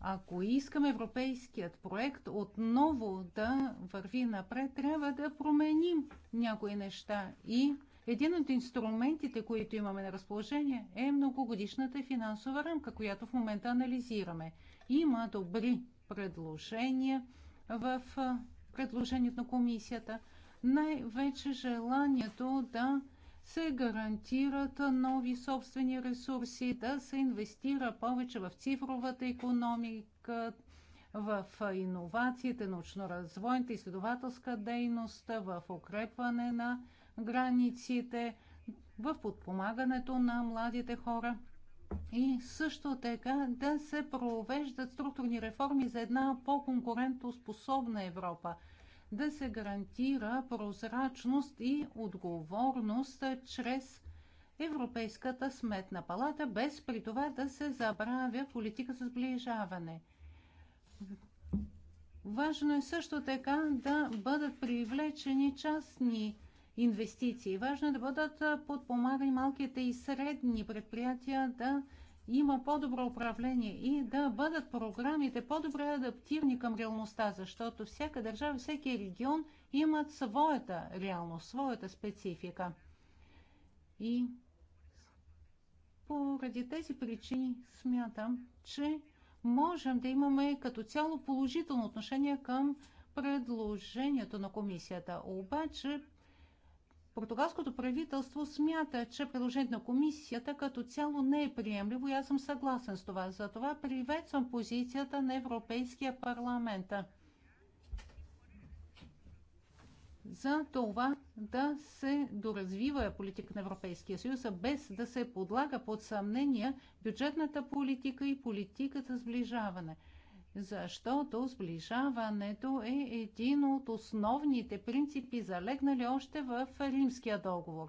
Ако искаме европейският проект отново да върви напред, трябва да променим някои неща и един от инструментите, които имаме на разположение, е многогодишната финансова рамка, която в момента анализираме. Има добри предложения в предложението на комисията – най-вече желанието да се гарантират нови собствени ресурси, да се инвестира повече в цифровата економика, в иновациите, научно-развойната, изследователска дейност, в укрепване на границите, в подпомагането на младите хора. И също така да се провеждат структурни реформи за една по-конкурентоспособна Европа – да се гарантира прозрачност и отговорност чрез Европейската сметна палата, без при това да се забравя политика за сближаване. Важно е също така да бъдат привлечени частни инвестиции. Важно е да бъдат подпомагани малките и средни предприятия да има по-добро управление и да бъдат програмите по-добре адаптирани към реалността, защото всяка държава, всеки регион имат своята реалност, своята специфика. И поради тези причини смятам, че можем да имаме като цяло положително отношение към предложението на комисията. Обаче Португалското правителство смята, че предложението на комисията като цяло не е приемливо и аз съм съгласен с това. Затова приветствам позицията на Европейския парламент за това да се доразвива политика на Европейския съюз, без да се подлага под съмнение бюджетната политика и политиката сближаване – защото сближаването е един от основните принципи, залегнали още в Римския договор.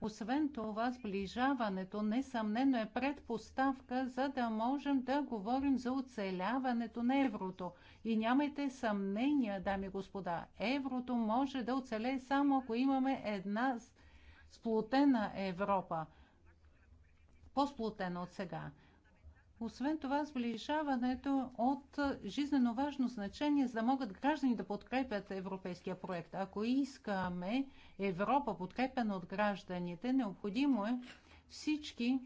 Освен това, сближаването несъмнено е предпоставка, за да можем да говорим за оцеляването на еврото. И нямайте съмнения, дами и господа, еврото може да оцелее само ако имаме една сплутена Европа. по сплутена от сега. Освен това, сближаването от жизнено важно значение, за да могат граждани да подкрепят европейския проект. Ако искаме Европа, подкрепена от гражданите, необходимо е всички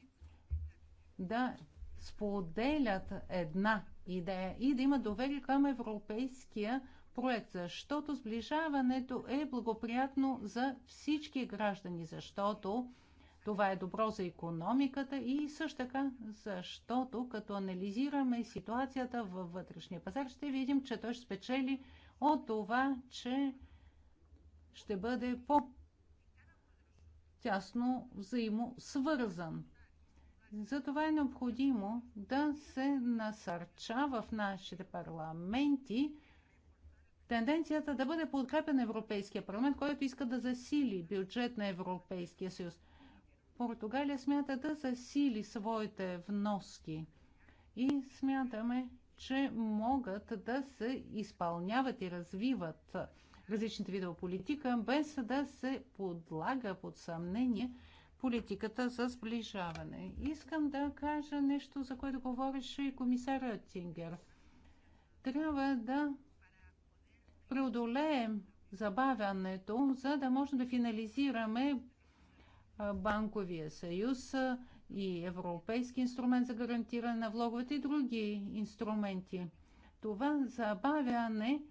да споделят една идея и да имат доверие към европейския проект, защото сближаването е благоприятно за всички граждани, защото това е добро за економиката и също така, защото като анализираме ситуацията във вътрешния пазар, ще видим, че той ще спечели от това, че ще бъде по-тясно взаимосвързан. Затова е необходимо да се насърча в нашите парламенти тенденцията да бъде подкрепен Европейския парламент, който иска да засили бюджет на Европейския съюз. Португалия смята да засили своите вноски и смятаме, че могат да се изпълняват и развиват различните видове политика, без да се подлага под съмнение политиката за сближаване. Искам да кажа нещо, за което говореше и комисар Тингер. Трябва да преодолеем забавянето, за да можем да финализираме банковия съюз и Европейски инструмент за гарантиране на влоговете и други инструменти. Това забавяне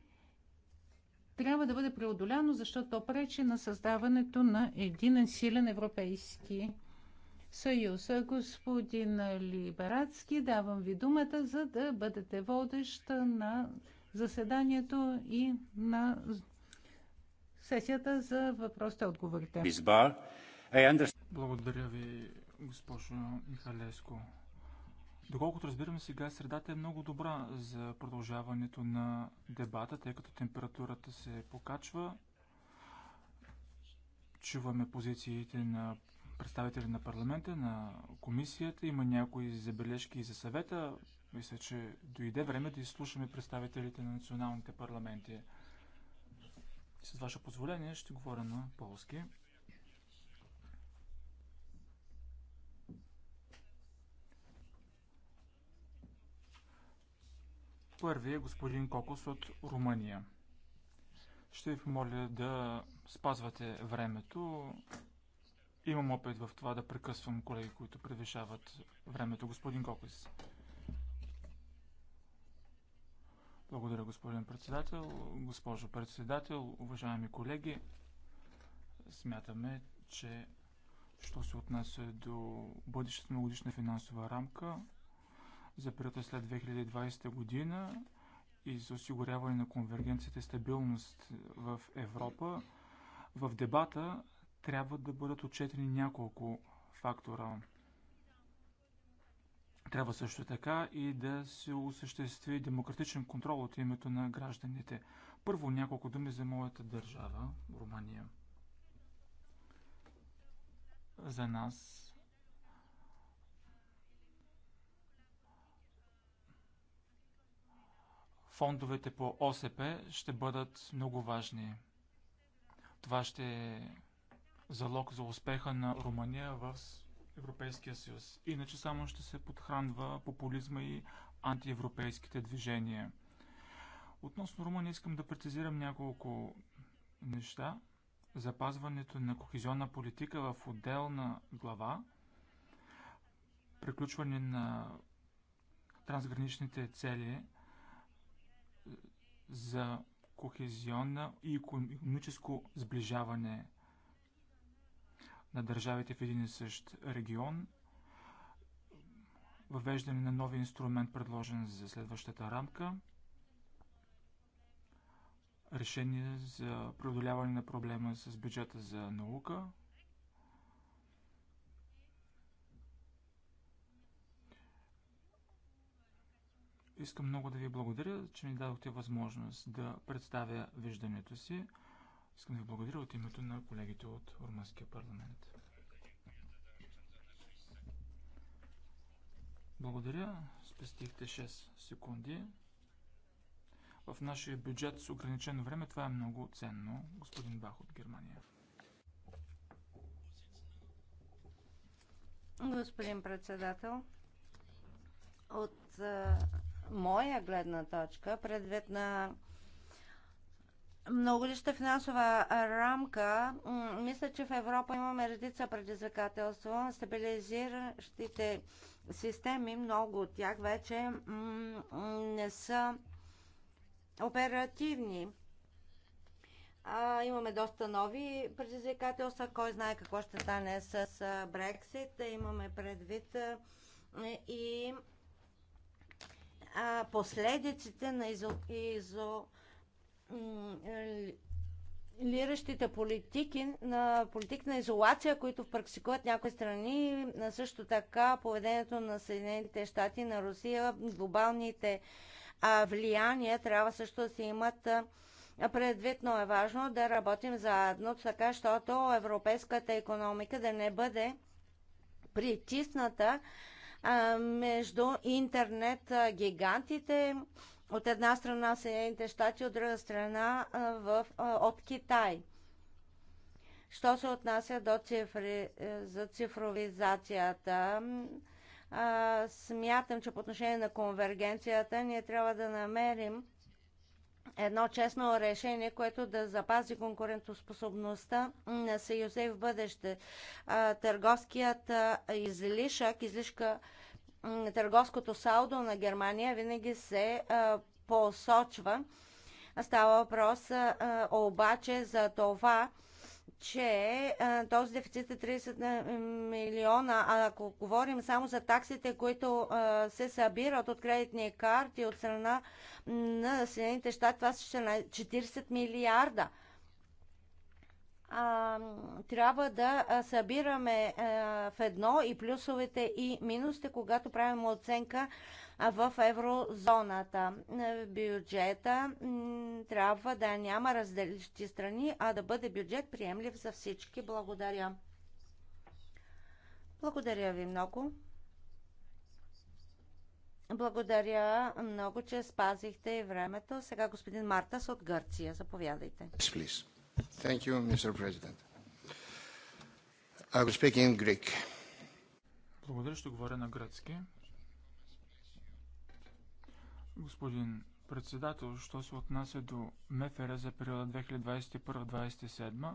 трябва да бъде преодоляно, защото то пречи на създаването на един силен Европейски съюз. Господин Либерацки, давам ви думата, за да бъдете водеща на заседанието и на сесията за въпросите и отговорите. Благодаря ви, госпожо Михалеско. Доколкото разбирам сега, средата е много добра за продължаването на дебата, тъй като температурата се покачва. Чуваме позициите на представители на парламента, на комисията. Има някои забележки и за съвета. Мисля, че дойде време да изслушаме представителите на националните парламенти. С ваше позволение ще говоря на полски. Първият е господин Кокос от Румъния. Ще ви помоля да спазвате времето. Имам опит в това да прекъсвам колеги, които превишават времето. Господин Кокос. Благодаря, господин председател. Госпожо председател, уважаеми колеги, смятаме, че що се отнася до бъдещата многогодишна финансова рамка, за периода след 2020 година и за осигуряване на конвергенцията и стабилност в Европа, в дебата трябва да бъдат отчетени няколко фактора. Трябва също така и да се осъществи демократичен контрол от името на гражданите. Първо няколко думи за моята държава, Румъния. За нас фондовете по ОСП ще бъдат много важни. Това ще е залог за успеха на Румъния в Европейския съюз. Иначе само ще се подхранва популизма и антиевропейските движения. Относно Румъния искам да прецизирам няколко неща. Запазването на кохезионна политика в отделна глава, приключване на трансграничните цели – за кохезионна и економическо сближаване на държавите в един и същ регион, въвеждане на нови инструмент, предложен за следващата рамка, решение за преодоляване на проблема с бюджета за наука, Искам много да ви благодаря, че ми дадохте възможност да представя виждането си. Искам да ви благодаря от името на колегите от Румънския парламент. Благодаря. Спестихте 6 секунди. В нашия бюджет с ограничено време това е много ценно, господин Бах от Германия. Господин председател, от моя гледна точка, предвид на многолища финансова рамка, мисля, че в Европа имаме редица предизвикателства. Стабилизиращите системи, много от тях вече не са оперативни. А, имаме доста нови предизвикателства. Кой знае какво ще стане с Брексит. Имаме предвид и а, последиците на изо, изо, лиращите политики на политик на изолация, които практикуват някои страни, на също така поведението на Съединените щати, на Русия, глобалните а, влияния трябва също да се имат а, предвид, но е важно да работим заедно, така, защото европейската економика да не бъде притисната между интернет гигантите от една страна Съединените щати, от друга страна в, от Китай. Що се отнася до цифри, е, за цифровизацията, а, смятам, че по отношение на конвергенцията ние трябва да намерим едно честно решение, което да запази конкурентоспособността на Съюза и в бъдеще. Търговският излишък, излишка търговското салдо на Германия винаги се посочва. Става въпрос обаче за това, че а, този дефицит е 30 милиона, а ако говорим само за таксите, които а, се събират от кредитни карти от страна на Съединените щати, това са 40 милиарда. А, трябва да събираме а, в едно и плюсовете и минусите, когато правим оценка в еврозоната. Бюджета трябва да няма разделищи страни, а да бъде бюджет приемлив за всички. Благодаря. Благодаря ви много. Благодаря много, че спазихте и времето. Сега господин Мартас от Гърция. Заповядайте. Thank you, Mr. President. I will speak in Greek. Благодаря, ще говоря на гръцки. Господин председател, що се отнася до МФР за периода 2021-2027,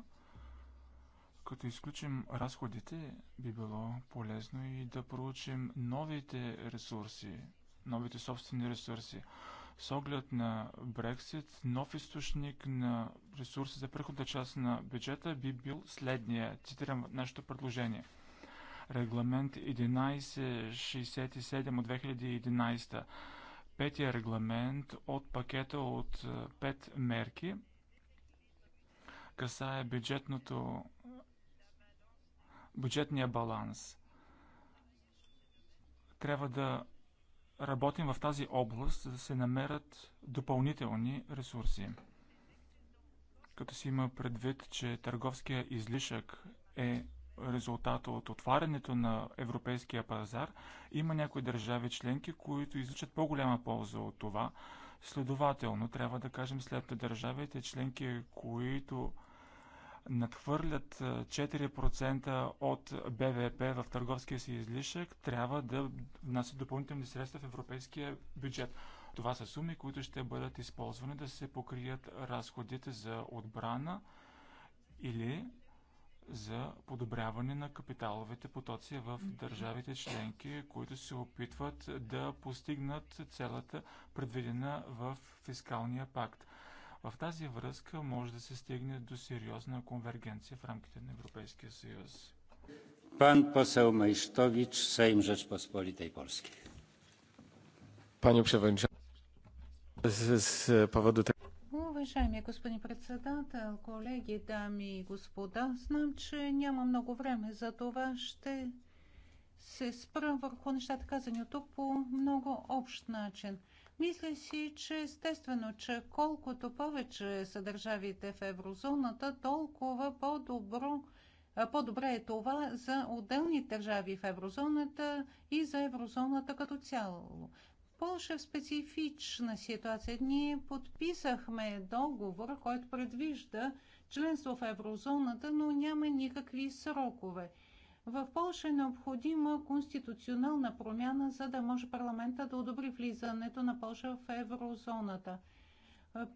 като изключим разходите, би било полезно и да проучим новите ресурси, новите собствени ресурси. С оглед на Брексит, нов източник на ресурси за преходната част на бюджета би бил следния. Цитирам нашето предложение. Регламент 1167 от 2011 петия регламент от пакета от е, пет мерки. Касае бюджетното, бюджетния баланс. Трябва да работим в тази област, за да се намерят допълнителни ресурси. Като си има предвид, че търговския излишък е резултата от отварянето на европейския пазар, има някои държави членки, които изучат по-голяма полза от това. Следователно, трябва да кажем след държавите членки, които надхвърлят 4% от БВП в търговския си излишък, трябва да внасят допълнителни средства в европейския бюджет. Това са суми, които ще бъдат използвани да се покрият разходите за отбрана или за подобряване на капиталовите потоци в държавите членки, които се опитват да постигнат целата предвидена в фискалния пакт. В тази връзка може да се стигне до сериозна конвергенция в рамките на Европейския съюз. Пан посел Майштович, Сейм Rzeczpospolitej Polskiej. Panie Przewodniczący, с powodu така, Уважаеми господин председател, колеги, дами и господа, знам, че няма много време, за това ще се спра върху нещата казани от тук по много общ начин. Мисля си, че естествено, че колкото повече са държавите в еврозоната, толкова по-добро по-добре е това за отделни държави в еврозоната и за еврозоната като цяло. Польша в специфична ситуация. Ние подписахме договор, който предвижда членство в еврозоната, но няма никакви срокове. В Польша е необходима конституционална промяна, за да може парламента да одобри влизането на Польша в еврозоната.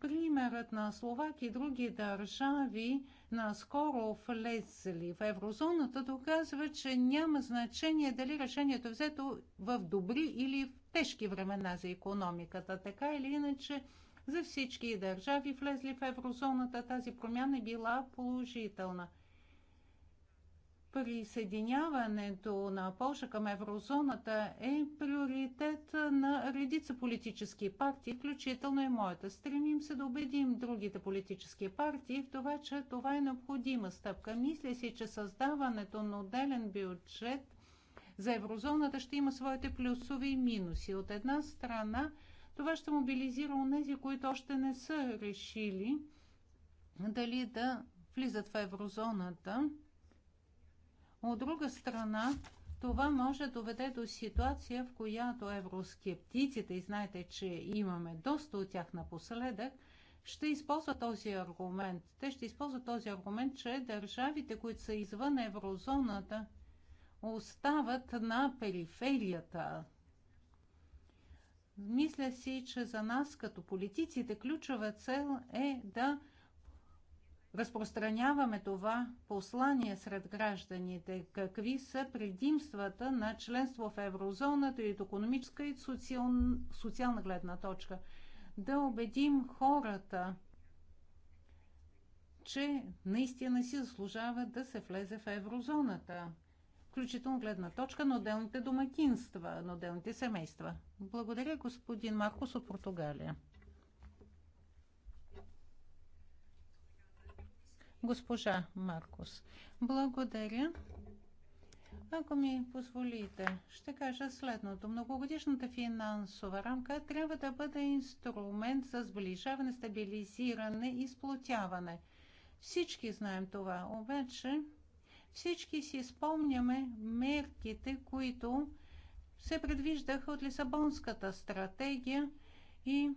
Примерът на Словакия и други държави наскоро влезли в еврозоната доказва, че няма значение дали решението е взето в добри или в тежки времена за економиката. Така или иначе, за всички държави, влезли в еврозоната, тази промяна е била положителна. Присъединяването на Польша към еврозоната е приоритет на редица политически партии, включително и моята. Стремим се да убедим другите политически партии в това, че това е необходима стъпка. Мисля си, че създаването на отделен бюджет за еврозоната ще има своите плюсови и минуси. От една страна, това ще мобилизира онези, които още не са решили дали да влизат в еврозоната. От друга страна, това може да доведе до ситуация, в която евроскептиците, и знаете, че имаме доста от тях напоследък, ще използват този аргумент. Те ще използват този аргумент, че държавите, които са извън еврозоната, остават на периферията. Мисля си, че за нас като политиците ключова цел е да разпространяваме това послание сред гражданите. Какви са предимствата на членство в еврозоната и от економическа и социал... социална гледна точка? Да убедим хората, че наистина си заслужава да се влезе в еврозоната включително гледна точка на отделните домакинства, на отделните семейства. Благодаря, господин Маркос от Португалия. Госпожа Маркос, благодаря. Ако ми позволите, ще кажа следното. Многогодишната финансова рамка трябва да бъде инструмент за сближаване, стабилизиране и сплотяване. Всички знаем това, обаче всички си спомняме мерките, които се предвиждаха от Лисабонската стратегия и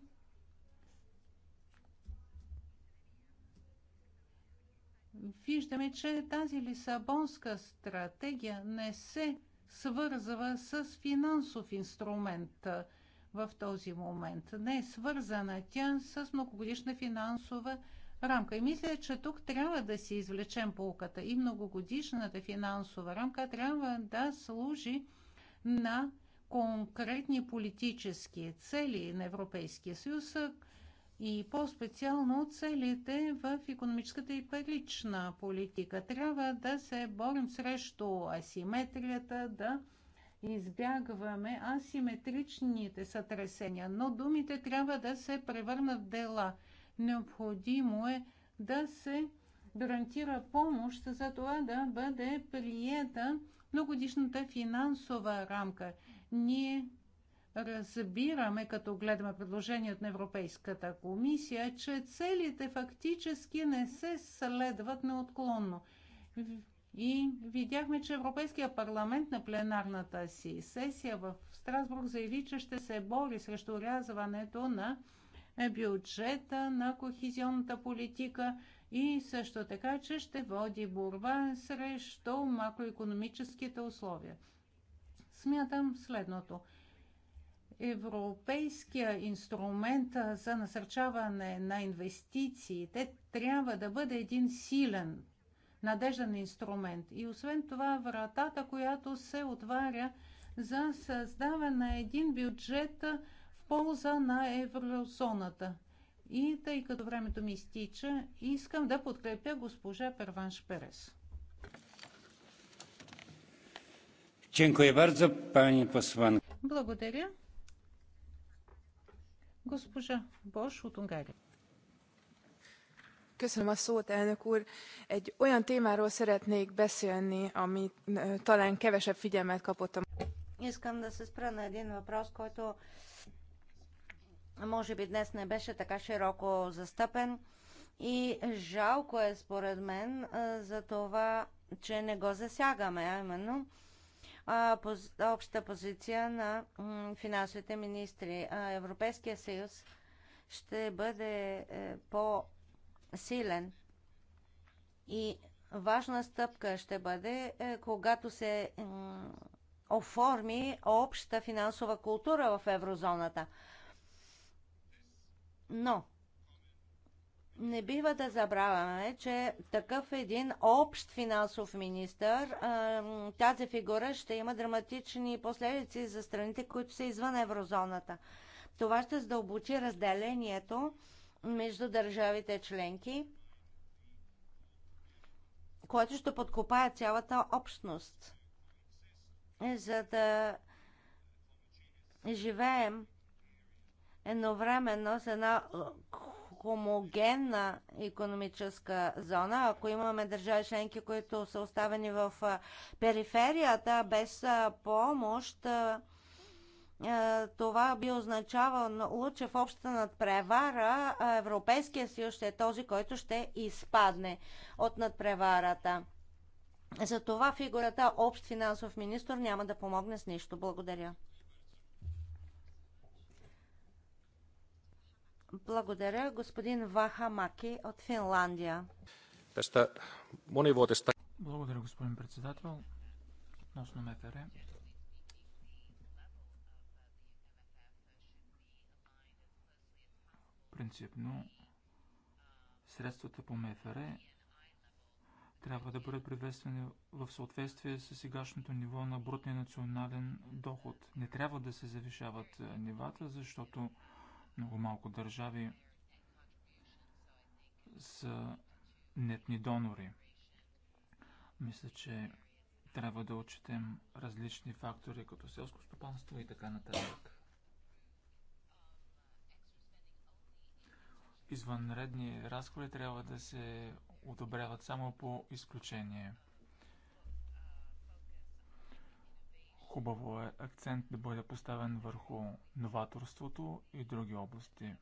виждаме, че тази Лисабонска стратегия не се свързва с финансов инструмент в този момент. Не е свързана тя с многогодишна финансова стратегия рамка. И мисля, че тук трябва да си извлечем полката и многогодишната финансова рамка трябва да служи на конкретни политически цели на Европейския съюз и по-специално целите в економическата и парична политика. Трябва да се борим срещу асиметрията, да избягваме асиметричните сътресения, но думите трябва да се превърнат в дела – Необходимо е да се гарантира помощ за това да бъде приета многодишната финансова рамка. Ние разбираме, като гледаме предложението на Европейската комисия, че целите фактически не се следват неотклонно. И видяхме, че Европейския парламент на пленарната си сесия в Страсбург заяви, че ще се бори срещу рязването на е бюджета на кохизионната политика и също така, че ще води борба срещу макроекономическите условия. Смятам следното. Европейския инструмент за насърчаване на инвестициите трябва да бъде един силен, надежден инструмент. И освен това, вратата, която се отваря за създаване на един бюджет, полза на еврозоната. И тъй като времето ми стича, искам да подкрепя госпожа Перванш Перес. Благодаря. Госпожа Бош от Унгария. Köszönöm a szót, elnök úr. Egy olyan témáról szeretnék beszélni, ami talán kevesebb figyelmet kapott a... Искам да се спра на един въпрос, който може би днес не беше така широко застъпен и жалко е според мен за това, че не го засягаме, а именно поз, обща позиция на финансовите министри. Европейския съюз ще бъде е, по-силен и важна стъпка ще бъде, е, когато се оформи обща финансова култура в еврозоната – но не бива да забравяме, че такъв един общ финансов министр, тази фигура ще има драматични последици за страните, които са извън еврозоната. Това ще задълбочи разделението между държавите членки, което ще подкопае цялата общност. Е, за да живеем едновременно с една хомогенна економическа зона. Ако имаме държави членки, които са оставени в периферията без помощ, това би означавало, че в общата надпревара Европейския съюз ще е този, който ще изпадне от надпреварата. Затова фигурата общ финансов министр няма да помогне с нищо. Благодаря. Благодаря, господин Ваха Маки от Финландия. Благодаря, господин председател. Относно МФР. Принципно, средствата по МФР трябва да бъдат приветствани в съответствие с сегашното ниво на брутния национален доход. Не трябва да се завишават нивата, защото много малко държави са нетни донори. Мисля, че трябва да отчетем различни фактори, като селско стопанство и така нататък. Извънредни разходи трябва да се одобряват само по изключение – Хубаво е акцент да бъде поставен върху новаторството и други области.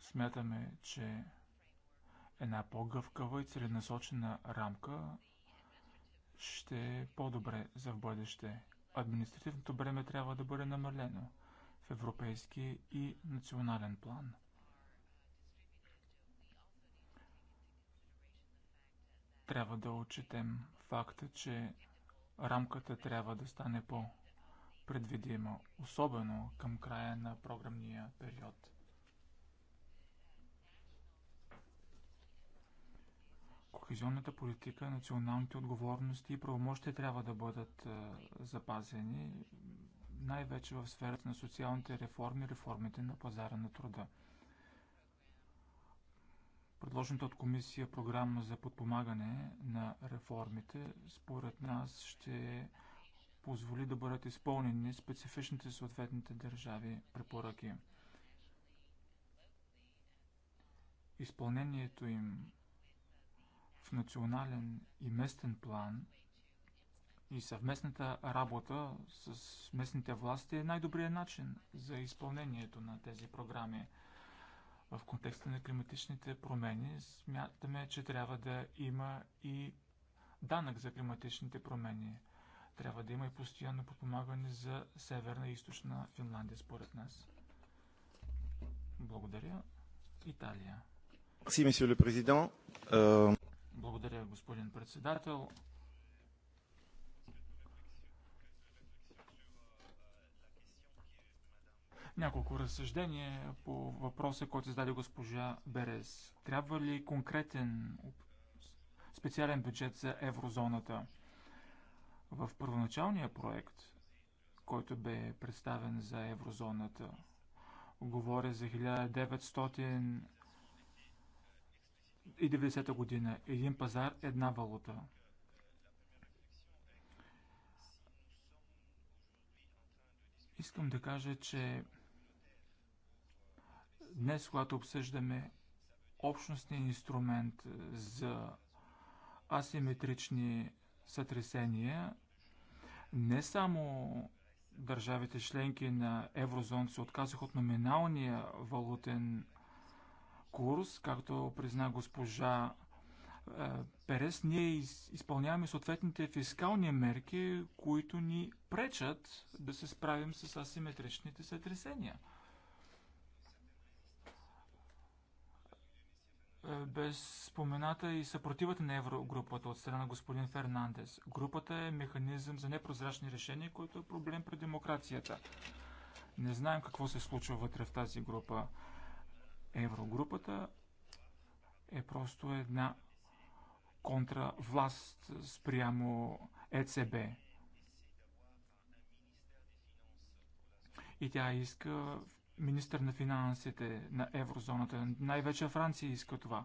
Смятаме, че една по-гъвкава и целенасочена рамка ще е по-добре за в бъдеще. Административното бреме трябва да бъде намалено в европейски и национален план. Трябва да отчетем факта, че рамката трябва да стане по-предвидима, особено към края на програмния период. Кохезионната политика, националните отговорности и правомощите трябва да бъдат е, запазени, най-вече в сферата на социалните реформи, реформите на пазара на труда предложената от комисия програма за подпомагане на реформите, според нас ще позволи да бъдат изпълнени специфичните съответните държави препоръки. Изпълнението им в национален и местен план и съвместната работа с местните власти е най-добрият начин за изпълнението на тези програми – в контекста на климатичните промени, смятаме, че трябва да има и данък за климатичните промени. Трябва да има и постоянно подпомагане за Северна и Източна Финландия, според нас. Благодаря. Италия. Euh, Благодаря, господин председател. Няколко разсъждения по въпроса, който зададе госпожа Берез. Трябва ли конкретен специален бюджет за еврозоната? В първоначалния проект, който бе представен за еврозоната, говоря за 1990 година. Един пазар, една валута. Искам да кажа, че Днес, когато обсъждаме общностния инструмент за асиметрични сътресения, не само държавите членки на еврозон се отказаха от номиналния валутен курс, както призна госпожа е, Перес, ние изпълняваме съответните фискални мерки, които ни пречат да се справим с асиметричните сътресения – Е без спомената и съпротивата на еврогрупата от страна на господин Фернандес. Групата е механизъм за непрозрачни решения, който е проблем при демокрацията. Не знаем какво се случва вътре в тази група. Еврогрупата е просто една контравласт спрямо ЕЦБ. И тя иска министър на финансите на еврозоната. Най-вече Франция иска това.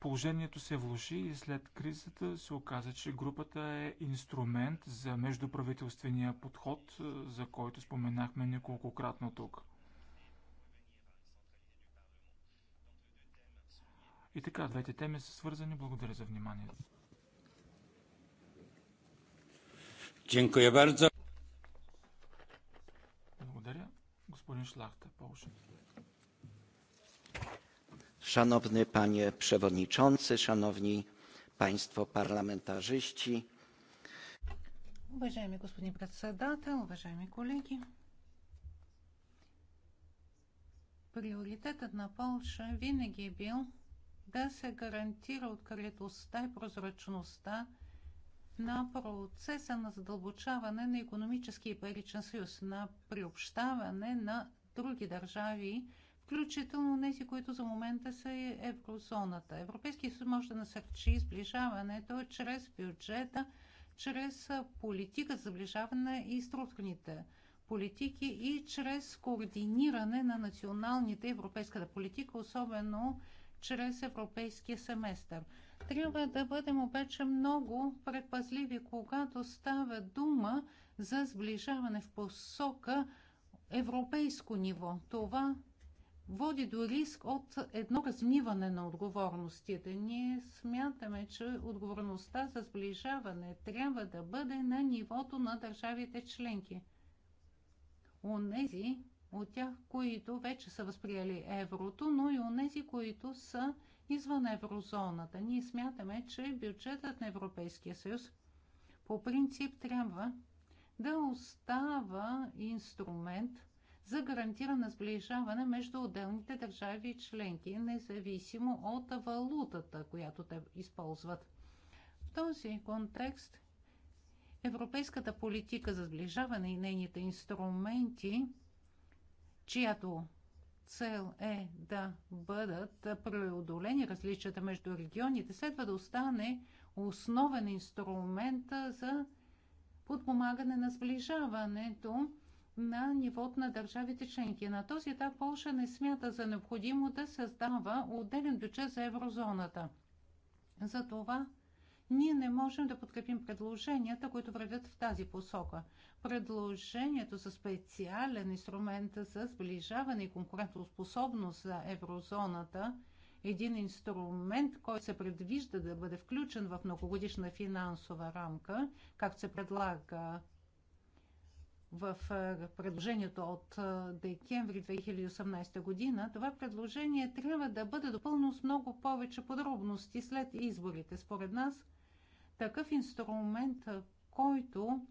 Положението се влуши и след кризата се оказа, че групата е инструмент за междуправителствения подход, за който споменахме неколкократно тук. И така, двете теми са свързани. Благодаря за вниманието. Благодаря. Господин Шляхта, Szanowny panie przewodniczący, szanowni państwo parlamentarzyści. Уважаеми господин председател, уважаеми колеги, приоритетът на Полша винаги е бил да се гарантира откритостта и прозрачността на процеса на задълбочаване на економически и паричен съюз, на приобщаване на други държави, включително тези, които за момента са и еврозоната. Европейския съюз може да насърчи сближаването чрез бюджета, чрез политика за сближаване и структурните политики и чрез координиране на националните европейската политика, особено чрез европейския семестър. Трябва да бъдем обаче много предпазливи, когато става дума за сближаване в посока европейско ниво. Това води до риск от едно размиване на отговорностите. Ние смятаме, че отговорността за сближаване трябва да бъде на нивото на държавите членки. Онези от тях, които вече са възприели еврото, но и нези, които са извън еврозоната. Ние смятаме, че бюджетът на Европейския съюз по принцип трябва да остава инструмент за гарантирано сближаване между отделните държави и членки, независимо от валутата, която те използват. В този контекст европейската политика за сближаване и нейните инструменти, чиято цел е да бъдат преодолени различията между регионите, следва да остане основен инструмент за подпомагане на сближаването на нивото на държавите членки. На този етап Польша не смята за необходимо да създава отделен бюджет за еврозоната. Затова ние не можем да подкрепим предложенията, които вървят в тази посока. Предложението за специален инструмент за сближаване и конкурентоспособност за еврозоната един инструмент, който се предвижда да бъде включен в многогодишна финансова рамка, както се предлага в е, предложението от е, декември 2018 година, това предложение трябва да бъде допълно с много повече подробности след изборите. Според нас такъв инструмент, който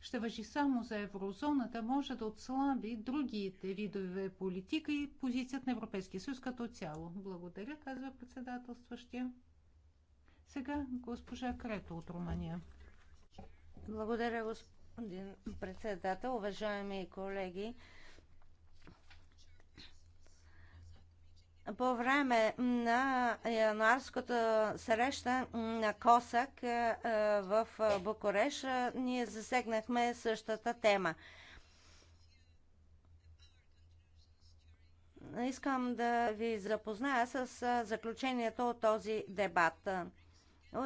ще въжи само за еврозоната, може да отслаби другите видове политика и позицията на Европейския съюз като цяло. Благодаря, казва председателстващия. Сега госпожа Крето от Румъния. Благодаря, господин председател, уважаеми колеги. По време на януарската среща на Косак е, е, в Букуреш е, ние засегнахме същата тема. Искам да ви запозная с заключението от този дебат.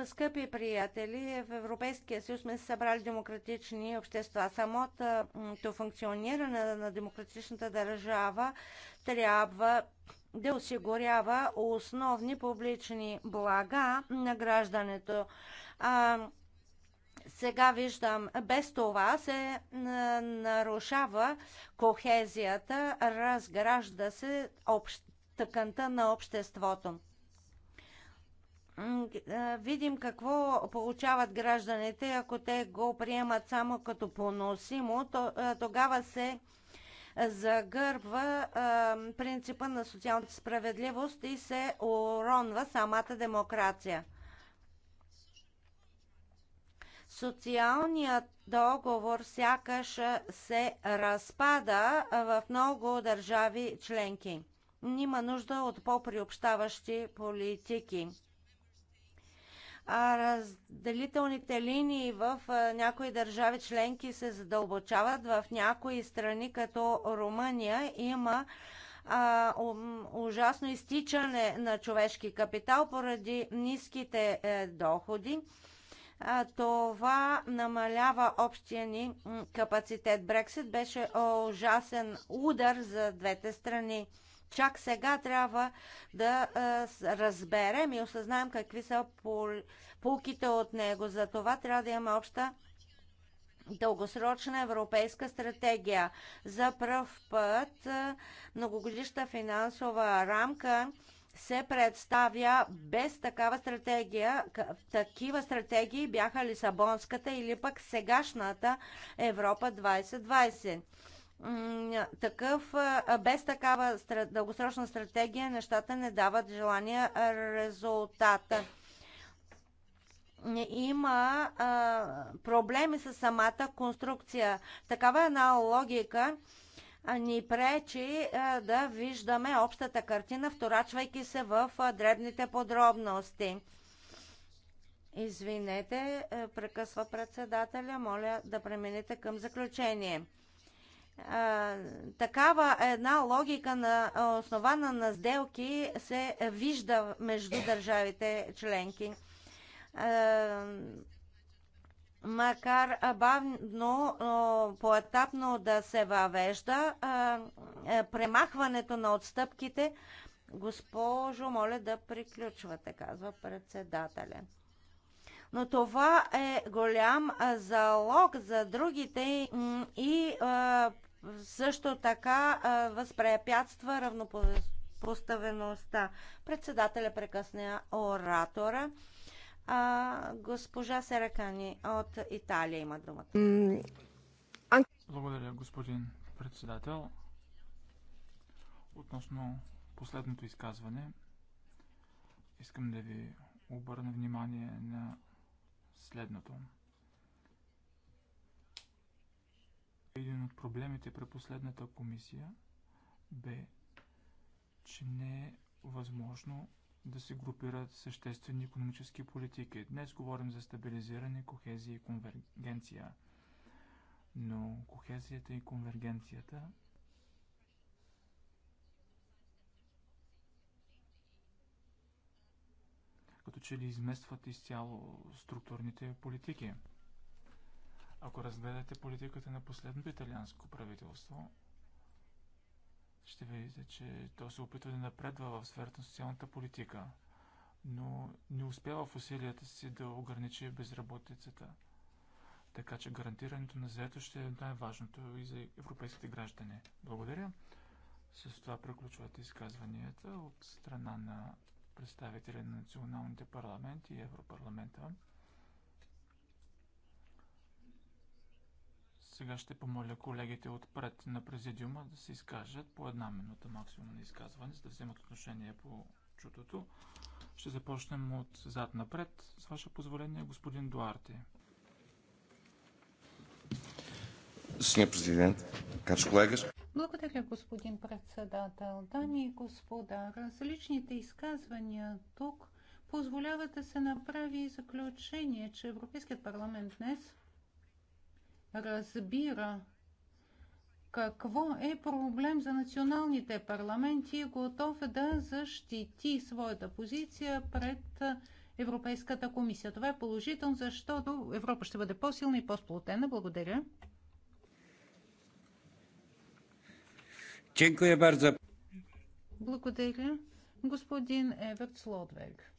Скъпи приятели, в Европейския съюз сме събрали демократични общества. Самото функциониране на демократичната държава трябва да осигурява основни публични блага на граждането. А, сега виждам, без това се нарушава кохезията, разгражда се общ, тъканта на обществото. Видим какво получават гражданите, ако те го приемат само като поносимо, то, тогава се загърбва принципа на социалната справедливост и се уронва самата демокрация. Социалният договор сякаш се разпада в много държави членки. Нима нужда от по-приобщаващи политики а разделителните линии в някои държави членки се задълбочават. В някои страни, като Румъния, има а, ужасно изтичане на човешки капитал поради ниските е, доходи. А, това намалява общия ни капацитет. Брексит беше ужасен удар за двете страни чак сега трябва да разберем и осъзнаем какви са полките от него. За това трябва да имаме обща дългосрочна европейска стратегия. За пръв път многогодишна финансова рамка се представя без такава стратегия. Такива стратегии бяха Лисабонската или пък сегашната Европа 2020 такъв, без такава дългосрочна стратегия нещата не дават желания резултата. Има а, проблеми с самата конструкция. Такава е една логика ни пречи а, да виждаме общата картина, вторачвайки се в а, дребните подробности. Извинете, прекъсва председателя, моля да преминете към заключение такава една логика на основана на сделки се вижда между държавите членки. Макар бавно, поетапно да се въвежда, е, премахването на отстъпките, госпожо, моля да приключвате, казва председателя. Но това е голям залог за другите и също така възпрепятства равнопоставеността. Председателя прекъсна оратора. А, госпожа Серакани от Италия има думата. Благодаря, господин председател. Относно последното изказване, искам да ви обърна внимание на следното. Един от проблемите при последната комисия бе, че не е възможно да се групират съществени економически политики. Днес говорим за стабилизиране, кохезия и конвергенция. Но кохезията и конвергенцията като че ли изместват изцяло структурните политики. Ако разгледате политиката на последното италианско правителство, ще видите, че то се опитва да напредва в сферата на социалната политика, но не успява в усилията си да ограничи безработицата. Така че гарантирането на заето ще е най-важното и за европейските граждани. Благодаря. С това приключват изказванията от страна на представители на националните парламенти и Европарламента. Сега ще помоля колегите отпред на президиума да се изкажат по една минута максимум на изказване, за да вземат отношение по чутото. Ще започнем от зад напред. С ваше позволение, господин Дуарти. Сеньор президент, каш колега. Благодаря, господин председател. Дами и господа, различните изказвания тук позволяват да се направи заключение, че Европейският парламент днес разбира какво е проблем за националните парламенти и е готов да защити своята позиция пред Европейската комисия. Това е положително, защото Европа ще бъде по-силна и по-сплотена. Благодаря. Благодаря. Господин Еверт Слодвег.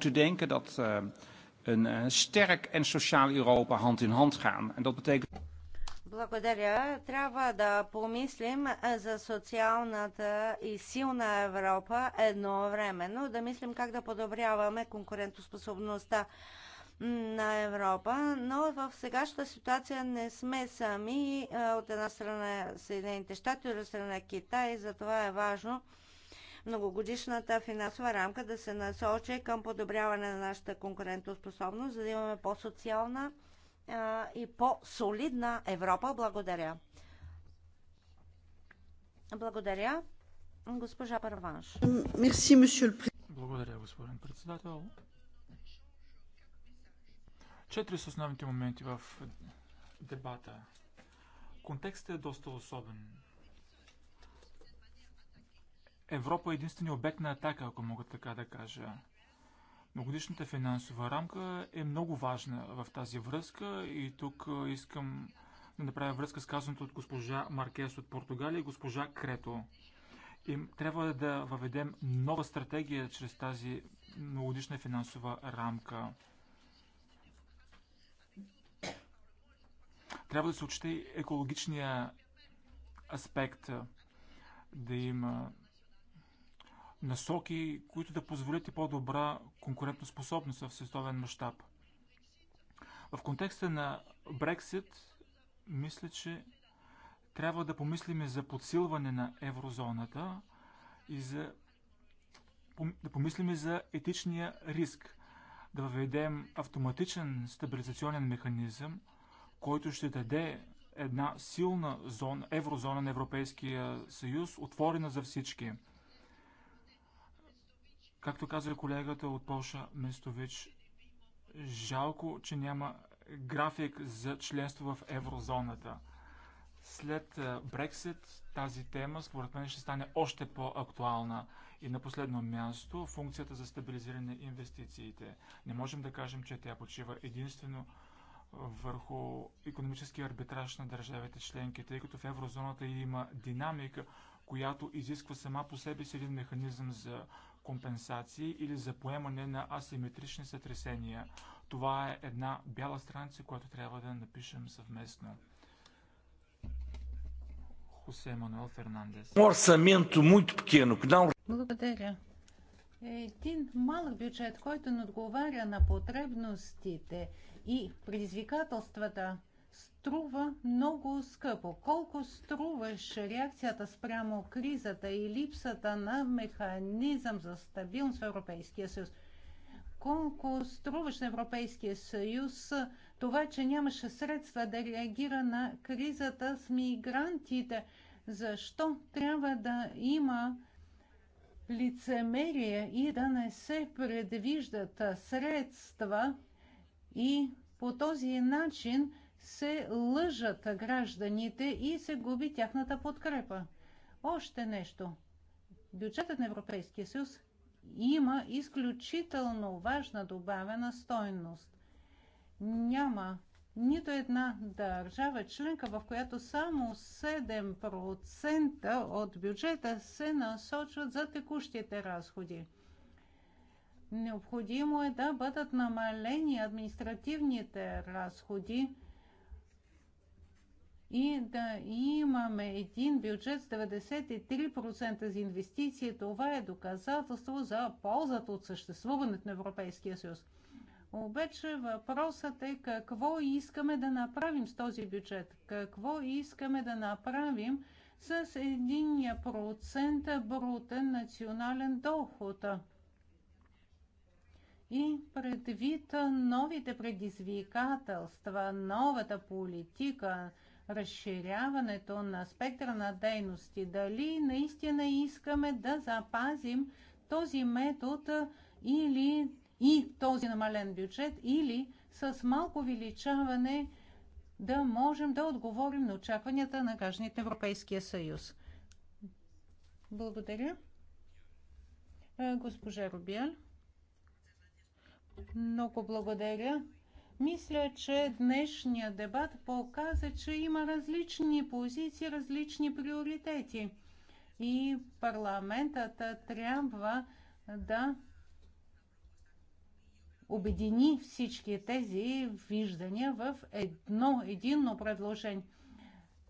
moeten denken dat uh, een uh, sterk en sociaal Europa hand in hand gaan. En dat betekent. Благодаря. Трябва да помислим за социалната и силна Европа едновременно, да мислим как да подобряваме конкурентоспособността на Европа, но в сегашната ситуация не сме сами. От една страна Съединените щати, от друга страна Китай, затова е важно многогодишната финансова рамка да се насочи към подобряване на нашата конкурентоспособност, за да имаме по-социална и по-солидна Европа. Благодаря. Благодаря. Госпожа Парванш. Благодаря, господин председател. Четири са основните моменти в дебата. Контекстът е доста особен. Европа е единствения обект на атака, ако мога така да кажа. Многодишната финансова рамка е много важна в тази връзка и тук искам да направя връзка с казаното от госпожа Маркес от Португалия и госпожа Крето. И трябва да въведем нова стратегия чрез тази многодишна финансова рамка. Трябва да се отчете екологичния аспект, да има насоки, които да позволят и по-добра конкурентоспособност в световен мащаб. В контекста на Брексит, мисля, че трябва да помислим за подсилване на еврозоната и за, да помислим за етичния риск, да въведем автоматичен стабилизационен механизъм, който ще даде една силна зона, еврозона на Европейския съюз, отворена за всички – Както каза колегата от Полша Местович, жалко, че няма график за членство в еврозоната. След е, Брексит тази тема според мен ще стане още по-актуална. И на последно място функцията за стабилизиране на инвестициите. Не можем да кажем, че тя почива единствено върху економически арбитраж на държавите членки, тъй като в еврозоната има динамика, която изисква сама по себе си един механизъм за компенсации или за поемане на асиметрични сътресения. Това е една бяла страница, която трябва да напишем съвместно. Хосе Мануел Фернандес. Орсаменто муйто pequeno, Благодаря. Е един малък бюджет, който не отговаря на потребностите и предизвикателствата струва много скъпо. Колко струваш реакцията спрямо кризата и липсата на механизъм за стабилност в Европейския съюз? Колко струваш на Европейския съюз това, че нямаше средства да реагира на кризата с мигрантите? Защо трябва да има лицемерие и да не се предвиждат средства и по този начин се лъжат гражданите и се губи тяхната подкрепа. Още нещо. Бюджетът на Европейския съюз има изключително важна добавена стойност. Няма нито една държава членка, в която само 7% от бюджета се насочват за текущите разходи. Необходимо е да бъдат намалени административните разходи, и да имаме един бюджет с 93% за инвестиции, това е доказателство за ползата от съществуването на Европейския съюз. Обаче въпросът е какво искаме да направим с този бюджет, какво искаме да направим с единия процент брутен национален доход. И предвид новите предизвикателства, новата политика, разширяването на спектъра на дейности, дали наистина искаме да запазим този метод или и този намален бюджет, или с малко увеличаване да можем да отговорим на очакванията на гражданите Европейския съюз. Благодаря. Е, госпожа Рубиал. Много благодаря. Мисля, че днешният дебат показа, че има различни позиции, различни приоритети. И парламентът трябва да обедини всички тези виждания в едно единно предложение.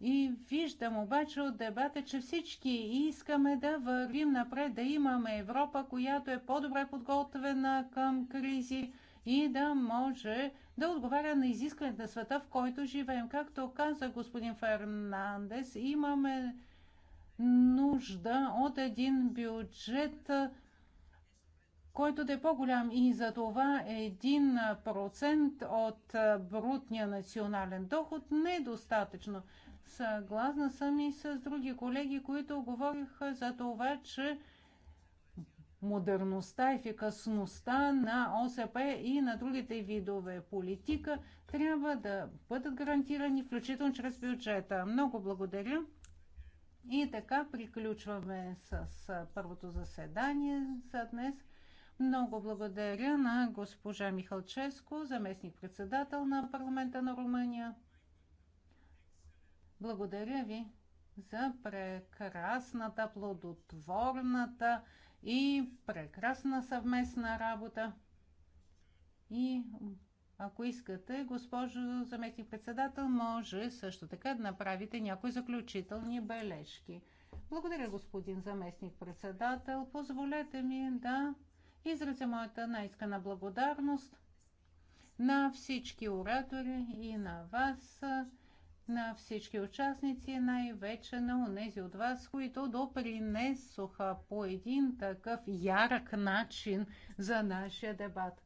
И виждам обаче от дебата, че всички искаме да вървим напред, да имаме Европа, която е по-добре подготвена към кризи и да може да отговаря на изискването на света, в който живеем. Както каза господин Фернандес, имаме нужда от един бюджет, който да е по-голям и за това 1% от брутния национален доход не е достатъчно. Съгласна съм и с други колеги, които говориха за това, че модерността, ефикасността на ОСП и на другите видове политика трябва да бъдат гарантирани, включително чрез бюджета. Много благодаря. И така приключваме с първото заседание за днес. Много благодаря на госпожа Михалческо, заместник-председател на парламента на Румъния. Благодаря ви за прекрасната, плодотворната и прекрасна съвместна работа. И ако искате, госпожо заместник-председател, може също така да направите някои заключителни бележки. Благодаря, господин заместник-председател. Позволете ми да изразя моята наискана благодарност на всички оратори и на вас на всички участници, най-вече на унези от вас, които допринесоха по един такъв ярък начин за нашия дебат.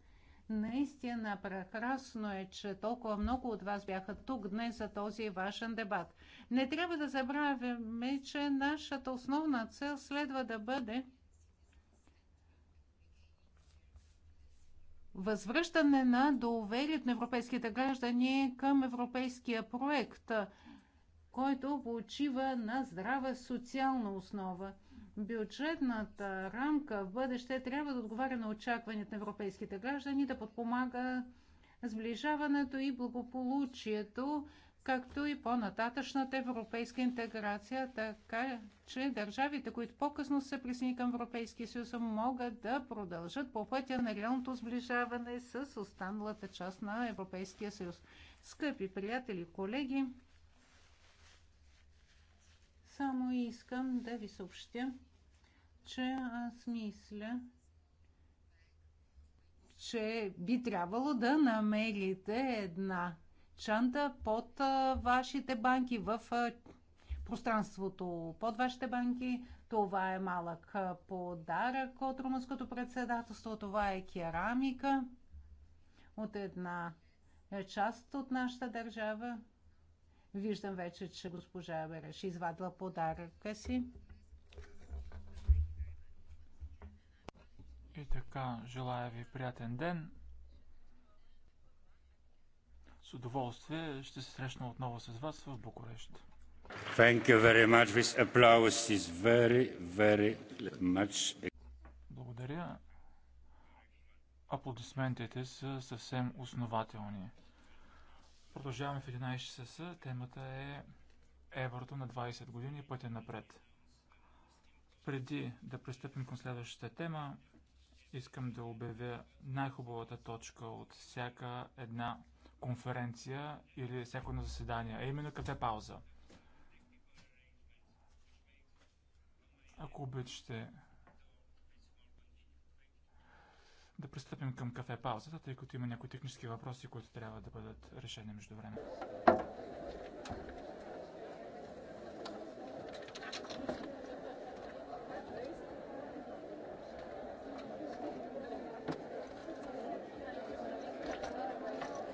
Наистина прекрасно е, че толкова много от вас бяха тук днес за този важен дебат. Не трябва да забравяме, че нашата основна цел следва да бъде – възвръщане на доверието на европейските граждани към европейския проект, който почива на здрава социална основа. Бюджетната рамка в бъдеще трябва да отговаря на очакванията на европейските граждани, да подпомага сближаването и благополучието както и по-нататъчната европейска интеграция, така че държавите, които по-късно се присъединят към Европейския съюз, могат да продължат по пътя на реалното сближаване с останалата част на Европейския съюз. Скъпи приятели, колеги, само искам да ви съобщя, че аз мисля, че би трябвало да намерите една чанта под вашите банки, в пространството под вашите банки. Това е малък подарък от румънското председателство. Това е керамика от една част от нашата държава. Виждам вече, че госпожа Береш извадила подаръка си. И така, желая ви приятен ден удоволствие ще се срещна отново с вас в Букурещ. Thank you very much. This applause is very, very much. Благодаря. Аплодисментите са съвсем основателни. Продължаваме в 11 часа. Темата е еврото на 20 години и пътя напред. Преди да пристъпим към следващата тема, искам да обявя най-хубавата точка от всяка една конференция или всяко едно заседание, а именно кафе пауза. Ако обичате да пристъпим към кафе паузата, тъй като има някои технически въпроси, които трябва да бъдат решени между време. Thank you.